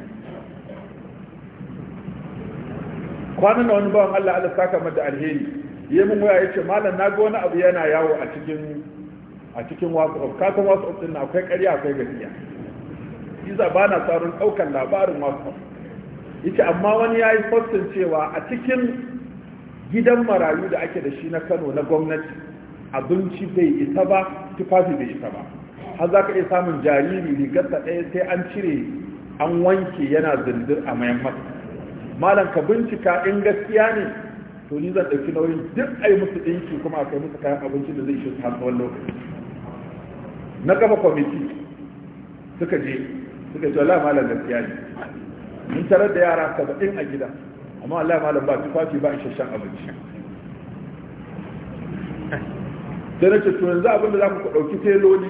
kwanan wani bawan Allah Allah saka da alheri ya mun waya ce malam na ga wani abu yana yawo a cikin a cikin of kakan wasu of din akwai ƙarya akwai gariya iza ba na tsarin ɗaukar labarin wasu of yace amma wani ya yi fassin cewa a cikin gidan marayu da ake da shi na Kano na gwamnati abinci bai isa ba tufafi bai isa ba har za ka iya samun jariri rigarsa ɗaya sai an cire an wanke yana zindir a mayan masa malam ka bincika in gaskiya ne to ni zan ɗauki nauyin duk a yi musu ɗinki kuma a kai musu kayan abinci da zai shi a tsawon lokaci na gaba kwamiti suka je suka ce wala malam gaskiya ne mun tarar da yara saba'in a gida amma Allah malam ba tufafi ba isasshen abinci sai na ce to yanzu abin da za ku ɗauki teloli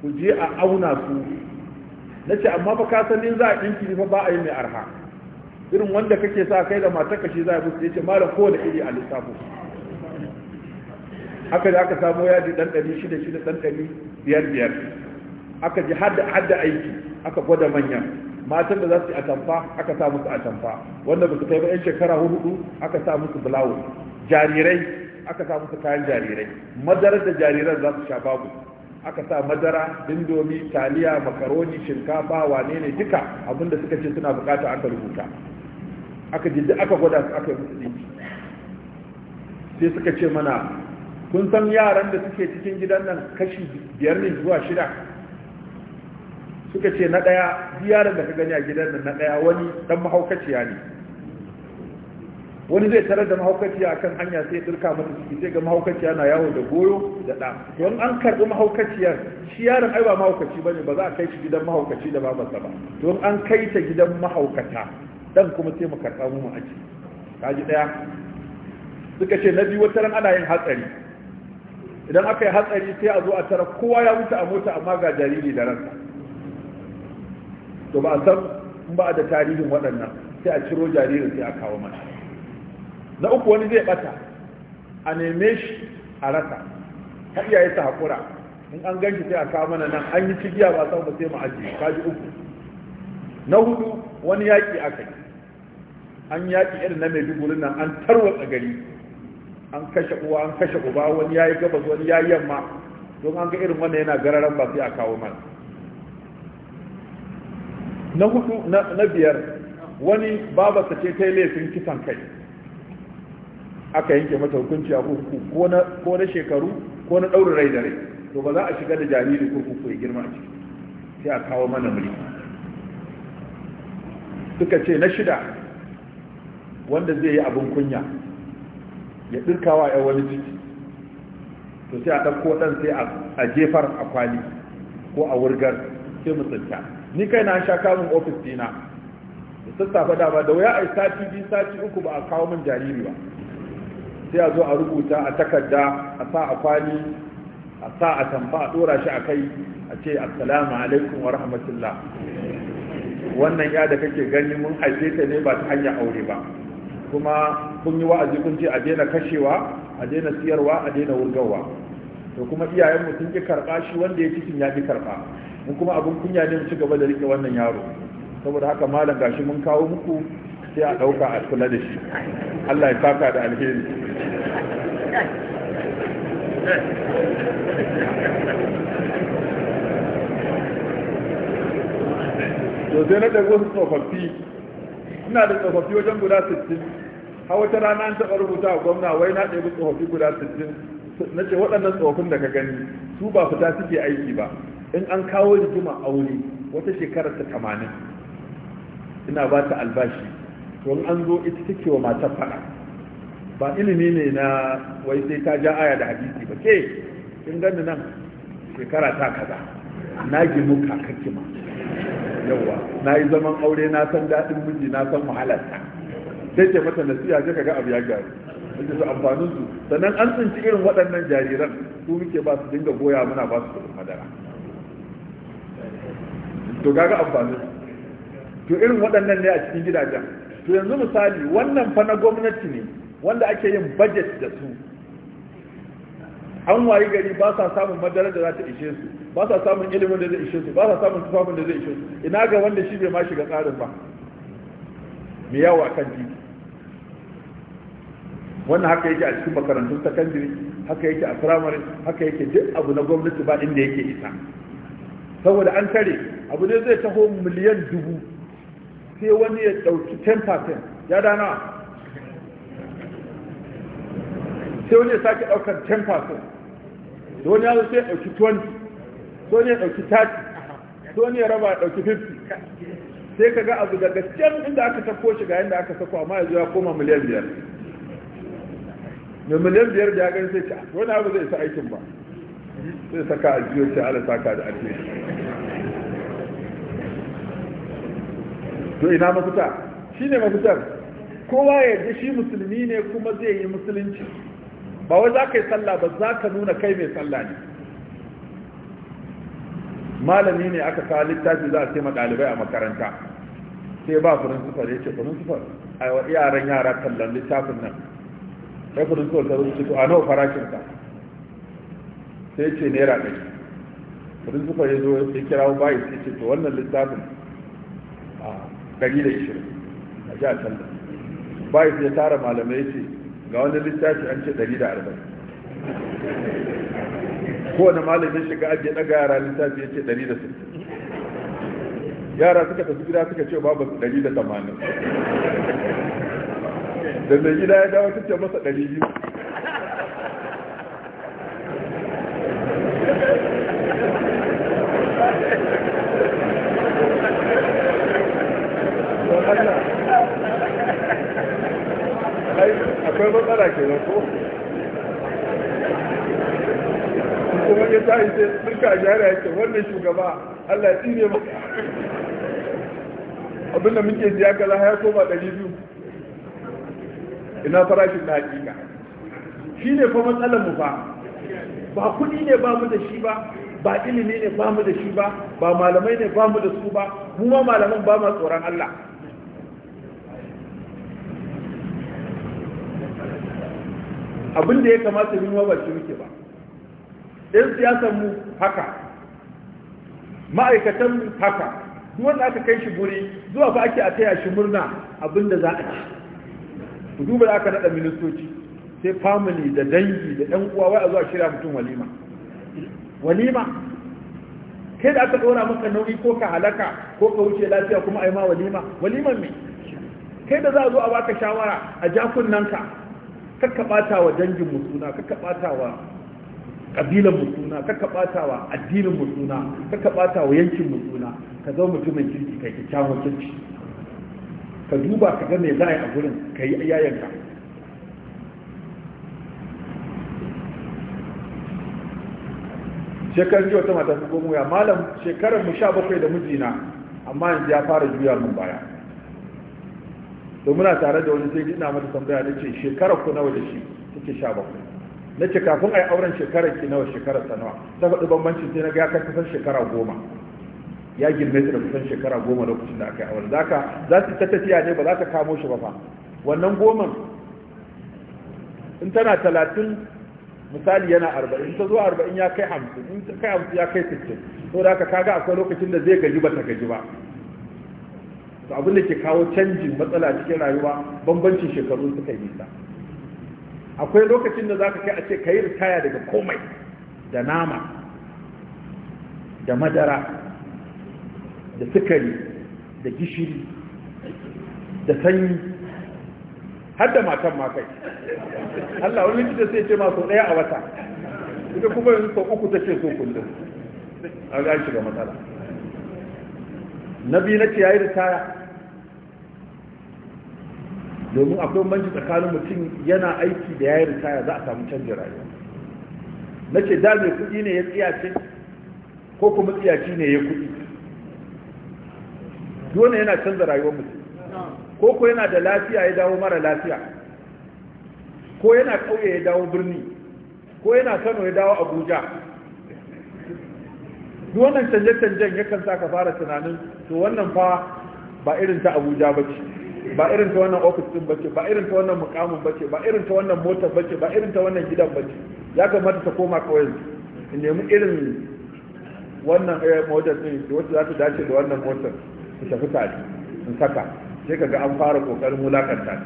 ku je a auna su na ce amma ba ka sanin za a ɗinki fa ba a yi mai arha irin wanda kake sa kai da matar kashi za a musu ya ce malam kowane iri a lissafo aka da aka samo yaji ɗan ɗari shida shida ɗan ɗari biyar biyar aka ji hada hada aiki aka gwada manyan matan da za su yi atamfa aka sa musu atamfa wanda ba su kai ba yan shekara hudu aka sa musu bulawu. jarirai aka sa musu kayan jarirai madarar da jariran za su sha babu aka sa madara dindomi taliya makaroni shinkafa wane ne duka abinda suka ce suna bukata aka rubuta aka jiddi aka gwada su aka yi musu dinki sai suka ce mana kun san yaran da suke cikin gidan nan kashi biyar ne zuwa shida suka ce na ɗaya yaron da ka gani a gidan nan na ɗaya wani ɗan mahaukaciya ne wani zai tarar da mahaukaciya akan hanya sai dirka mata ciki sai ga mahaukaciya na yawo da goyo da ɗa don an karɓi mahaukaciyar shi yaron ai ba mahaukaci bane ba za a kai shi gidan mahaukaci da babarsa ba don an kai ta gidan mahaukata dan kuma sai mu karɓa mu aji kaji ɗaya suka ce na biyu wata ran ana yin hatsari idan aka yi hatsari sai a zo a tara kowa ya wuce a mota amma ga jariri da ransa to ba a san in ba da tarihin waɗannan sai a ciro jaririn sai a kawo mana na uku wani zai bata a neme shi a rasa har iyaye ta hakura in an ganshi sai a kawo mana nan an yi cigiya ba san ba sai mu ka kaji uku na hudu wani yaƙi aka yi an yaƙi irin na mai maiduguri nan an tarwa gari an kashe uwa an kashe uba wani yayi gabas wani yayi yamma don an ga irin wannan yana gararan ba sai a kawo mana na hudu na biyar wani ta ce ta yi laifin kisan kai aka yanke mata hukunci a kurkuku ko na shekaru ko na ɗaurin rai da rai to ba za a shiga da jariri kurkuku ya girma a ciki sai a kawo mana muli. suka ce na shida wanda zai yi abin kunya ya ɗirkawa ya wani ciki to sai a ɗauko ɗan sai a jefar a kwali ko a wurgar sai mu ni kai na sha kamun ofis dina da sassafe dama da wuya a yi sati biyu sati uku ba a kawo min jariri ba sai a zo a rubuta a takarda a sa a kwali a sa a tamfa a dora shi a kai a ce assalamu alaikum wa rahmatullah wannan ya da kake gani mun haife ta ne ba ta hanyar aure ba kuma kun yi wa'azi kun ce a daina kashewa a daina siyarwa a daina wurgawa to kuma iyayen mutum ki karba shi wanda ya cikin ya ki karba mun kuma abin kunya ne mu gaba da rike wannan yaro saboda haka malam gashi mun kawo muku sai a ɗauka a kula da shi Allah ya saka da alheri to sai na dago su tsofaffi ina da tsofaffi wajen guda 60 har wata rana an taɓa rubuta a gwamna wai na ɗago tsofaffi guda 60 na ce waɗannan tsofaffin da ka gani su ba fita suke aiki ba in an kawo rigima aure wata shekarar ta tamanin ina ba ta albashi to in an zo ita take wa matar faɗa ba ilimi ne na wai sai ta ja aya da hadisi ba ke in gani nan shekara ta kaza na muka kake ma yawa na yi zaman aure na san daɗin miji na san wahalarsa sai ce mata je ka ga abu ya gyaru da su amfanin su sannan an tsinci irin waɗannan jariran su muke ba su dinga goya muna ba su kuɗin madara to kaga amfanin to irin waɗannan ne a cikin gidajen to yanzu misali wannan fa na gwamnati ne wanda ake yin budget da su an wayi gari ba sa samun madarar da za ta ishe su ba sa samun ilimin da zai ishe su ba sa samun tufafin da zai ishe su ina ga wanda shi bai ma shiga tsarin ba mai yawa a kan titi wannan haka yake a cikin makarantun sakandare haka yake a firamare haka yake duk abu na gwamnati ba inda yake isa saboda an tare abu ne zai taho miliyan dubu sai wani ya ɗauki 10% ya dana sai wani ya sake ɗaukar 10% da wani ya zo sai ya ɗauki 20 sai wani ya ɗauki 30 sai wani ya raba ya ɗauki 50 sai ka ga abu daga can inda aka sako shi ga inda aka sako amma yanzu ya koma miliyan biyar mai miliyan biyar da ya gani sai ce ah, wani abu zai sa aikin ba sai saka a jiyo ce ala saka da ake to ina mafita shine mafitar kowa ya ji shi musulmi ne kuma zai yi musulunci ba wai za ka yi sallah ba za ka nuna kai mai sallah ne malami ne aka kawo littafi za a ce ɗalibai a makaranta sai ba sufar ya ce sufar a wa yaran yara kallon littafin nan ya firinsifar ta rubuta to a nawa farashinka sai ce naira furin sufar ya zo ya kira bayi sai ce to wannan littafin 120 a a bayan ya tara malamai ce ga wani littafi an ce 140 kowane malamin shiga ajiye daga yara littafi ya ce 160 yara suka tafi gida suka ce babu 180 da mai gida ya dawo ta ce masa 200 akwai matsala ke ko kuma ya ta yi sai duka a jihar yake wannan shugaba allah ya tsire maka abinda muke jiya kala ya koma ɗari biyu ina farashin na hakika shi ne fa matsalar mu fa ba kuɗi ne ba mu da shi ba ba ilimi ne ba mu da shi ba ba malamai ne ba mu da su ba mu ma malaman ba ma tsoron allah abin da ya kamata yi ba shi muke ba ɗin siyasar mu haka ma'aikatan mu haka duk wanda aka kai shi guri zuwa ba ake a taya shi murna abin da za a ci ku duba da aka naɗa ministoci sai famili, da dangi da ɗan uwa wai a zuwa shirya mutum walima walima kai da aka ɗora maka nauyi ko ka halaka ko ka wuce lafiya kuma a yi ma walima me kai da za a zo a baka shawara a jakunnanka kakka bata wa dangin musuna suna kakka bata wa kabilan musuna suna kakka bata wa addinin musuna suna kakka bata wa yankin musuna suna ka zo mutumin kirki kai kyakkyawan kirki ka duba ka ga me za a gurin ka yi yayanka Shekarun jiya wata mata su gomoya malam shekarar mu sha bakwai da mijina amma yanzu ya fara juya mun baya to muna tare da wani sai ina mata tambaya na ce shekarar ku nawa da shi take sha bakwai na ce kafin a yi auren shekarar ki nawa shekarar ta nawa ta faɗi bambancin sai na ga ka kusan shekara goma ya girme ta da kusan shekara goma lokacin da aka yi auren zaka za su ta tafiya ne ba za ta kamo shi ba fa wannan goman in tana talatin misali yana arba'in ta zuwa arba'in ya kai hamsin in ta kai hamsin ya kai sittin saboda da haka kaga akwai lokacin da zai gaji ba ta gaji ba to abin da ke kawo canjin matsala cikin rayuwa bambancin shekaru suka yi nisa akwai lokacin da za ka kai a ce ka yi ritaya daga komai da nama da madara da sukari da gishiri da sanyi har da matan makai Allah wani likita sai ce masu ɗaya a wata ita kuma yanzu sau uku ta ce so kullum a ga shiga matsala na biyu na ce ya yi ritaya domin akwai banci tsakanin mutum yana aiki da ya yi ritaya za a samu canji rayuwa na ce da mai kuɗi ne ya tsiyace ko kuma tsiyaci ne ya kuɗi dole yana canza rayuwar mutum ko ko yana da lafiya ya dawo mara lafiya ko yana ƙauye ya dawo birni ko yana kano ya dawo abuja duk wannan canje-canjen yakan sa ka fara tunanin to wannan fa ba irin ta abuja ba ce ba irin ta wannan ofis din bace ba irin ta wannan mukamin bace ba irin ta wannan motar bace ba irin ta wannan gidan bace ya kamata ta koma kawai in nemi irin wannan eh, motar din wacce za ta dace da wannan motar ta tafi tare in saka sai ga an fara kokarin wulakanta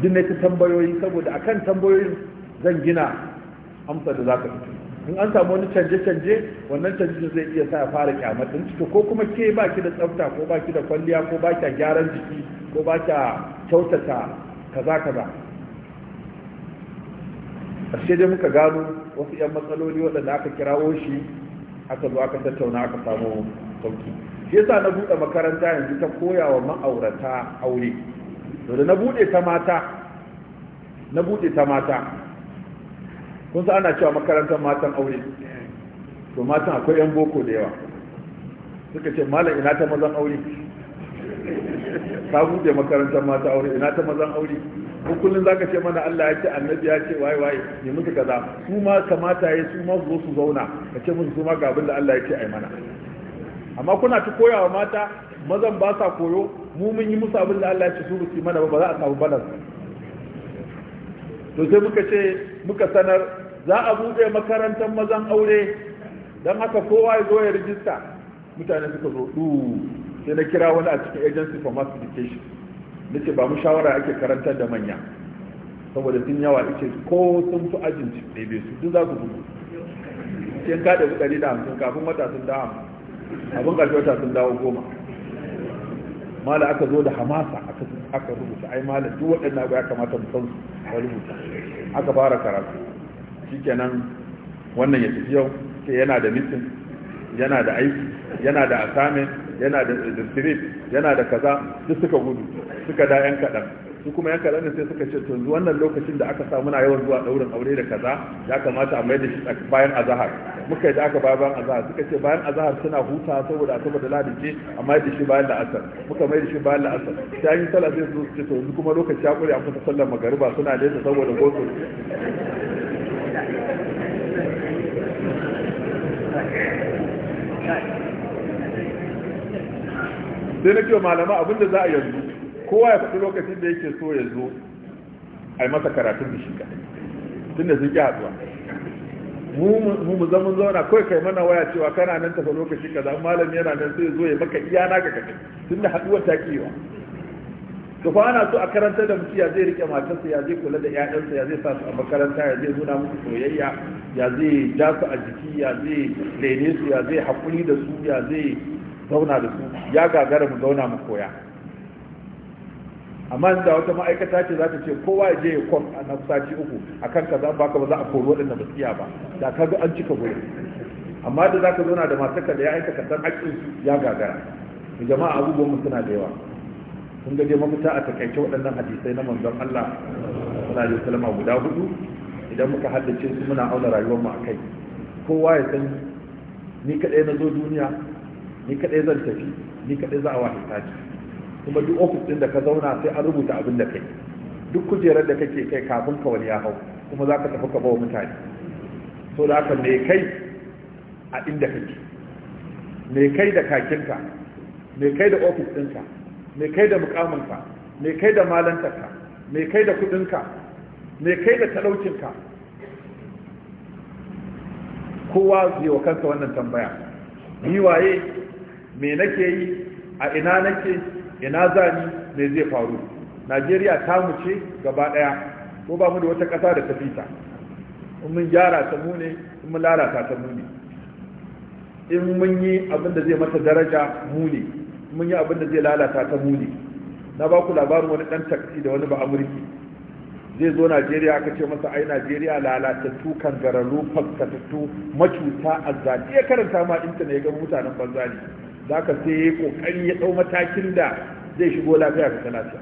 din ne ta tambayoyi saboda akan tambayoyin zan gina amsa da za ka fito in an samu wani canje-canje wannan canje zai iya sa fara kyamatin ciki ko kuma ke ba ki da tsafta ko ba ki da kwalliya ko ba ki gyaran jiki ko ba ki kyautata kaza kaza ashe dai muka gano wasu yan matsaloli waɗanda aka kirawo shi aka zo aka tattauna aka samu sauki shi yasa na buɗe makaranta yanzu ta koya wa ma'aurata aure to na buɗe buɗe ta mata kun sa ana cewa makarantar matan aure to matan akwai yan boko da yawa suka ce malam ina ta mazan aure ka bude makarantar mata aure ina ta mazan aure ko kullun zaka ce mana Allah ya ce annabi ya ce waye waye ne musu kaza su ma kamata ya su ma zo su zauna ka ce musu su ma ga abin da Allah ya ce ai mana amma kuna ta koyawa mata mazan ba sa koyo mu mun yi musu abin da Allah ya ce su yi mana ba za a samu balance to sai muka ce muka sanar za a buɗe makarantar mazan aure don haka kowa ya zo ya rijista mutane suka zo du sai na kira wani a cikin agency for mass education na ce ba mu shawara ake karantar da manya saboda sun yawa ce ko sun fi ajin ne bai su duk za su gudu kin ka su ɗari da hamsin kafin wata sun dawo abin ƙarshe wata sun dawo goma mala aka zo da hamasa aka rubuta ai mala duk waɗannan abu ya kamata mu san su rubuta aka fara karatu shikenan wannan ya tafi yau sai yana da mitin yana da aiki yana da assignment yana da strip yana da kaza duk suka gudu suka da yan kaɗan su kuma yan kaɗan sai suka ce yanzu wannan lokacin da aka sa muna yawan zuwa ɗaurin aure da kaza ya kamata a mai da shi bayan azahar muka yi da aka bayan azahar suka ce bayan azahar suna huta saboda a da ladin ce a mai da shi bayan la'asar muka mai da shi bayan la'asar ta yi sallah sai su ce yanzu kuma lokaci ya ƙure a kusa sallar magariba suna nesa saboda gosu sai na ce malama abinda za a yanzu kowa ya fito lokacin da yake so ya zo a yi masa karatun da shi kaɗai da sun ƙi haɗuwa mu mu zama zauna kawai kai mana waya cewa kana nan tafa ka zama malami yana nan sai zo ya maka iya ga kaɗai tun da haɗuwar ta ƙiwa to fa ana so a karanta da mutum ya zai rike matarsa ya zai kula da ƴaƴansa ya zai sa su a makaranta ya zai nuna musu soyayya ya zai ja su a jiki ya zai rene su ya zai haƙuri da su ya zai zauna da su ya gagara mu zauna mu koya amma da wata ma'aikata ce za ta ce kowa ya je ya kwan a nan sati uku a kan ka za baka ba za a kori waɗanda ba tsiya ba da ka ga an cika goyi amma da za ka na da masu kada da ya aika kasar haƙƙin ya gagara jama'a abubuwan mu suna da yawa sun gaje mafita a takaice waɗannan hadisai na manzon Allah suna salama guda hudu idan muka haddace su muna auna rayuwar mu a kai kowa ya san ni kadai na zo duniya ni kadai zan tafi ni kadai za a wahi tafi kuma duk ofis ɗin da ka zauna sai an rubuta abin da kai duk kujerar da kake kai kafin ka wani ya hau kuma za ka tafi ka bawa mutane so da haka me kai a inda kake me kai da kakinka me kai da ofis ɗinka me kai da mukaminka me kai da malantarka me kai da kuɗinka me kai da talaucinka kowa zai wa kansa wannan tambaya ni waye me nake yi a ina nake ina zani me zai faru najeriya ta mu ce gaba daya ko ba mu da wata kasa da tafita in mun gyara ta mu ne in mun lalata ta mu ne in mun yi abin da zai mata daraja mu ne mun yi abin da zai lalata ta mu ne na ba ku labarin wani dan taksi da wani ba amurki zai zo najeriya aka ce masa ai najeriya tukan kangararru fakkatattu macuta a ya karanta ma intanet ya ga mutanen banza za ka sai ya kokari ya ɗau matakin da zai shigo lafiya ka lafiya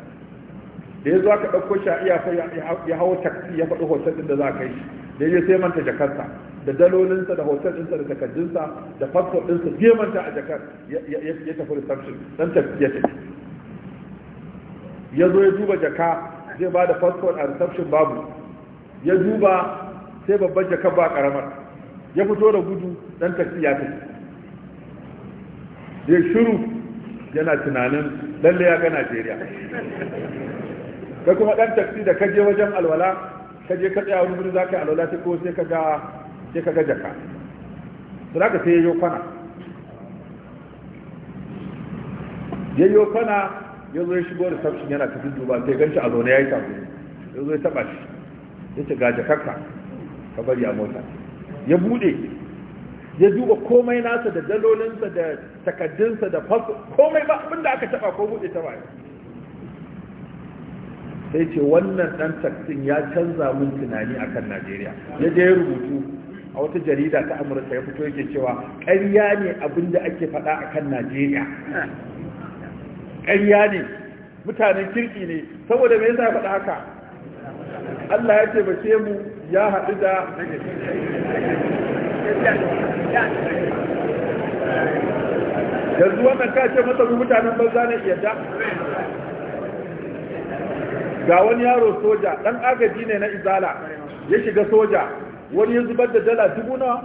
da ya zo aka ɗauko shi a ya hau taksi ya faɗi hotel ɗin da za ka yi da ya sai manta jakarta da dalolinsa da hotel ɗinsa da takardunsa da fasfot ɗinsa zai manta a jakar ya tafi reception ɗan tafi ya tafi ya zo ya duba jaka zai ba da fasfot a reception babu ya duba sai babban jakar ba karamar ya fito da gudu ɗan tafi ya tafi ya shiru yana tunanin lalle ya ga najeriya kai kuma dan taksi da kaje wajen alwala kaje ka tsaya wani za ka alwala ta ko sai ka ga sai ka ga jaka to zaka sai yayo kwana yayo kwana ya zo ya shigo da sabshin yana tafi duba sai ganshi a zaune ya yi tafi ya zo ya taba shi ya ce ga jakarka ka bari a mota ya bude ya duba komai nasa da dalolinsa da takaddunsa da fasu komai ba abin da aka taba ko buɗe ta baya sai ce wannan ɗan taksin ya canza mun tunani akan najeriya ya je rubutu a wata jarida ta amurka ya fito yake cewa ƙarya ne abin da ake faɗa a kan najeriya ƙarya ne mutanen kirki ne saboda me yasa faɗa haka Allah ya ce mu ya haɗu da yanzu wannan ka ce masa mutanen banza na yadda ga wani yaro soja dan agaji ne na izala ya shiga soja wani ya zubar da dala dubu na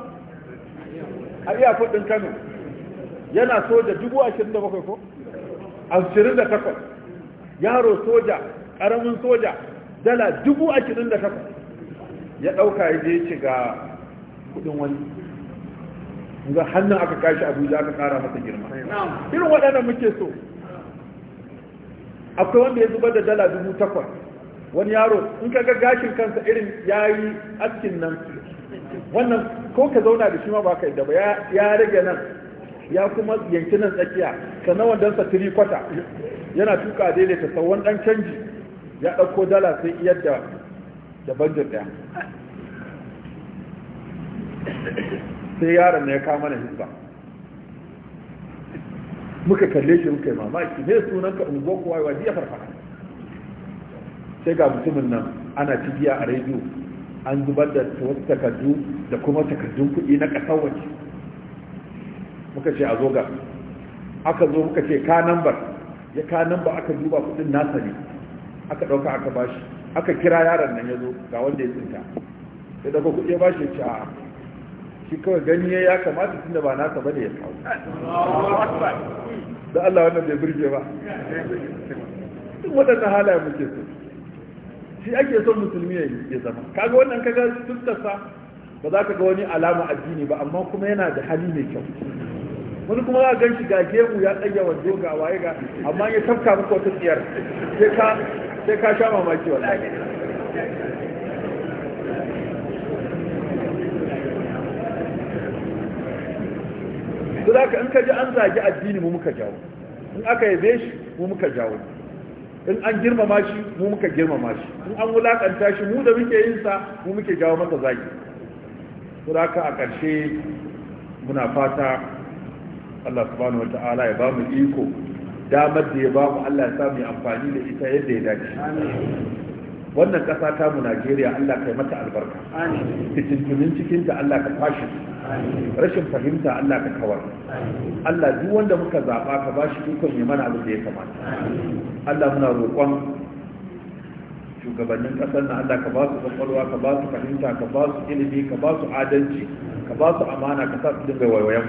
a iya fudin kano yana soja dubu ashirin da bakwai ko ashirin da takwas yaro soja ƙaramin soja dala dubu ashirin da takwas ya ɗauka ya je shiga kudin wani ga hannun aka kashi abuja aka kara masa girma irin waɗannan muke so akwai wanda ya zubar da dala dubu takwas wani yaro in ka ga gashin kansa irin ya yi askin nan wannan ko ka zauna da shi ma ba ka yadda ba ya rage nan ya kuma yanki nan tsakiya sannan wandonsa tiri kwata yana tuka daidaita sauwan dan canji ya ɗauko dala sai iyar da da ɗaya sai yaron na ya kama na hisba muka kalle shi muka yi mamaki ne sunan ka unguwa kuwa yawa jiya farfaka sai ga mutumin nan ana cibiya a rediyo an zubar da wasu takardu da kuma takardun kuɗi na ƙasar waje muka ce a zo ga aka zo muka ce ka nambar ya ka nambar aka duba kuɗin nasa ne aka ɗauka aka bashi aka kira yaron nan ya zo ga wanda ya tsinta Sai daga kuɗi ya bashi ya ce a shi kawai gani ya kamata tun da ba nasa ba ne ya kawo da Allah wannan bai birge ba Tun waɗannan halaye muke so shi ake son musulmi ya zama kaga wannan kaga fuskarsa ba za ka ga wani alama addini ba amma kuma yana da hali mai kyau wani kuma za gan shi ga gemu ya tsaye wando ga waye ga amma ya tafka muku wata tsiyar sai ka sha mamaki wallahi to in ka ji an zagi addini mu muka jawo in aka yabe shi mu muka jawo in an girmama shi mu muka girmama shi in an wulakanta shi mu da muke yin sa mu muke jawo masa zagi to da a ƙarshe muna fata Allah subhanahu wata'ala ya bamu iko damar da ya bamu, Allah ya samu amfani da ita yadda ya dace wannan ƙasa ta mu Najeriya Allah kai mata albarka fitintunin cikin ta Allah ka kwashi rashin fahimta Allah ka kawar Allah duk wanda muka zaɓa ka ba shi ikon ya mana abin da ya kamata Allah muna roƙon shugabannin ƙasar na Allah ka ba su kwakwalwa ka ba su fahimta ka ba su ilimi ka ba su adalci ka ba su amana ka sa su dinga waiwayen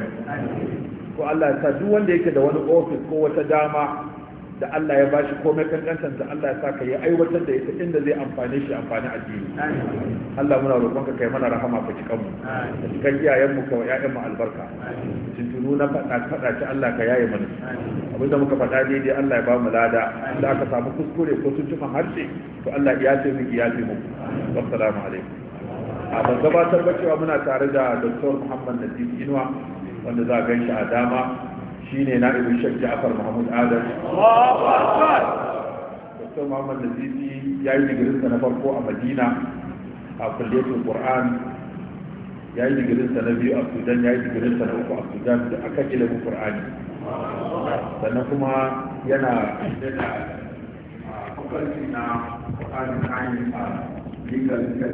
ko Allah ya sa duk wanda yake da wani ofis ko wata dama da Allah ya bashi komai kankantar da Allah ya ka yi aiwatar da ita inda zai amfane shi amfani addini Allah muna roƙon ka kai mana rahama ka cikan mu ka cikan iyayen mu ka wa ƴaƴan mu albarka tuntunu na faɗa faɗa ci Allah ka yaye mana abin da muka faɗa daidai Allah ya ba mu lada da aka samu kuskure ko tuntuman harshe to Allah ya ce mu ya ce mu assalamu alaikum a ban gabatar ba cewa muna tare da Dr. Muhammad Najib Inuwa wanda za a gan shi a dama shine na ibu shek ja'far mahmud adam dr muhammad nazifi ya yi digirinsa na farko a madina a kulletul qur'an ya yi digirinsa na biyu a sudan ya yi digirinsa na uku a sudan da akan ilimin qur'ani sannan kuma yana da a na qur'ani a legal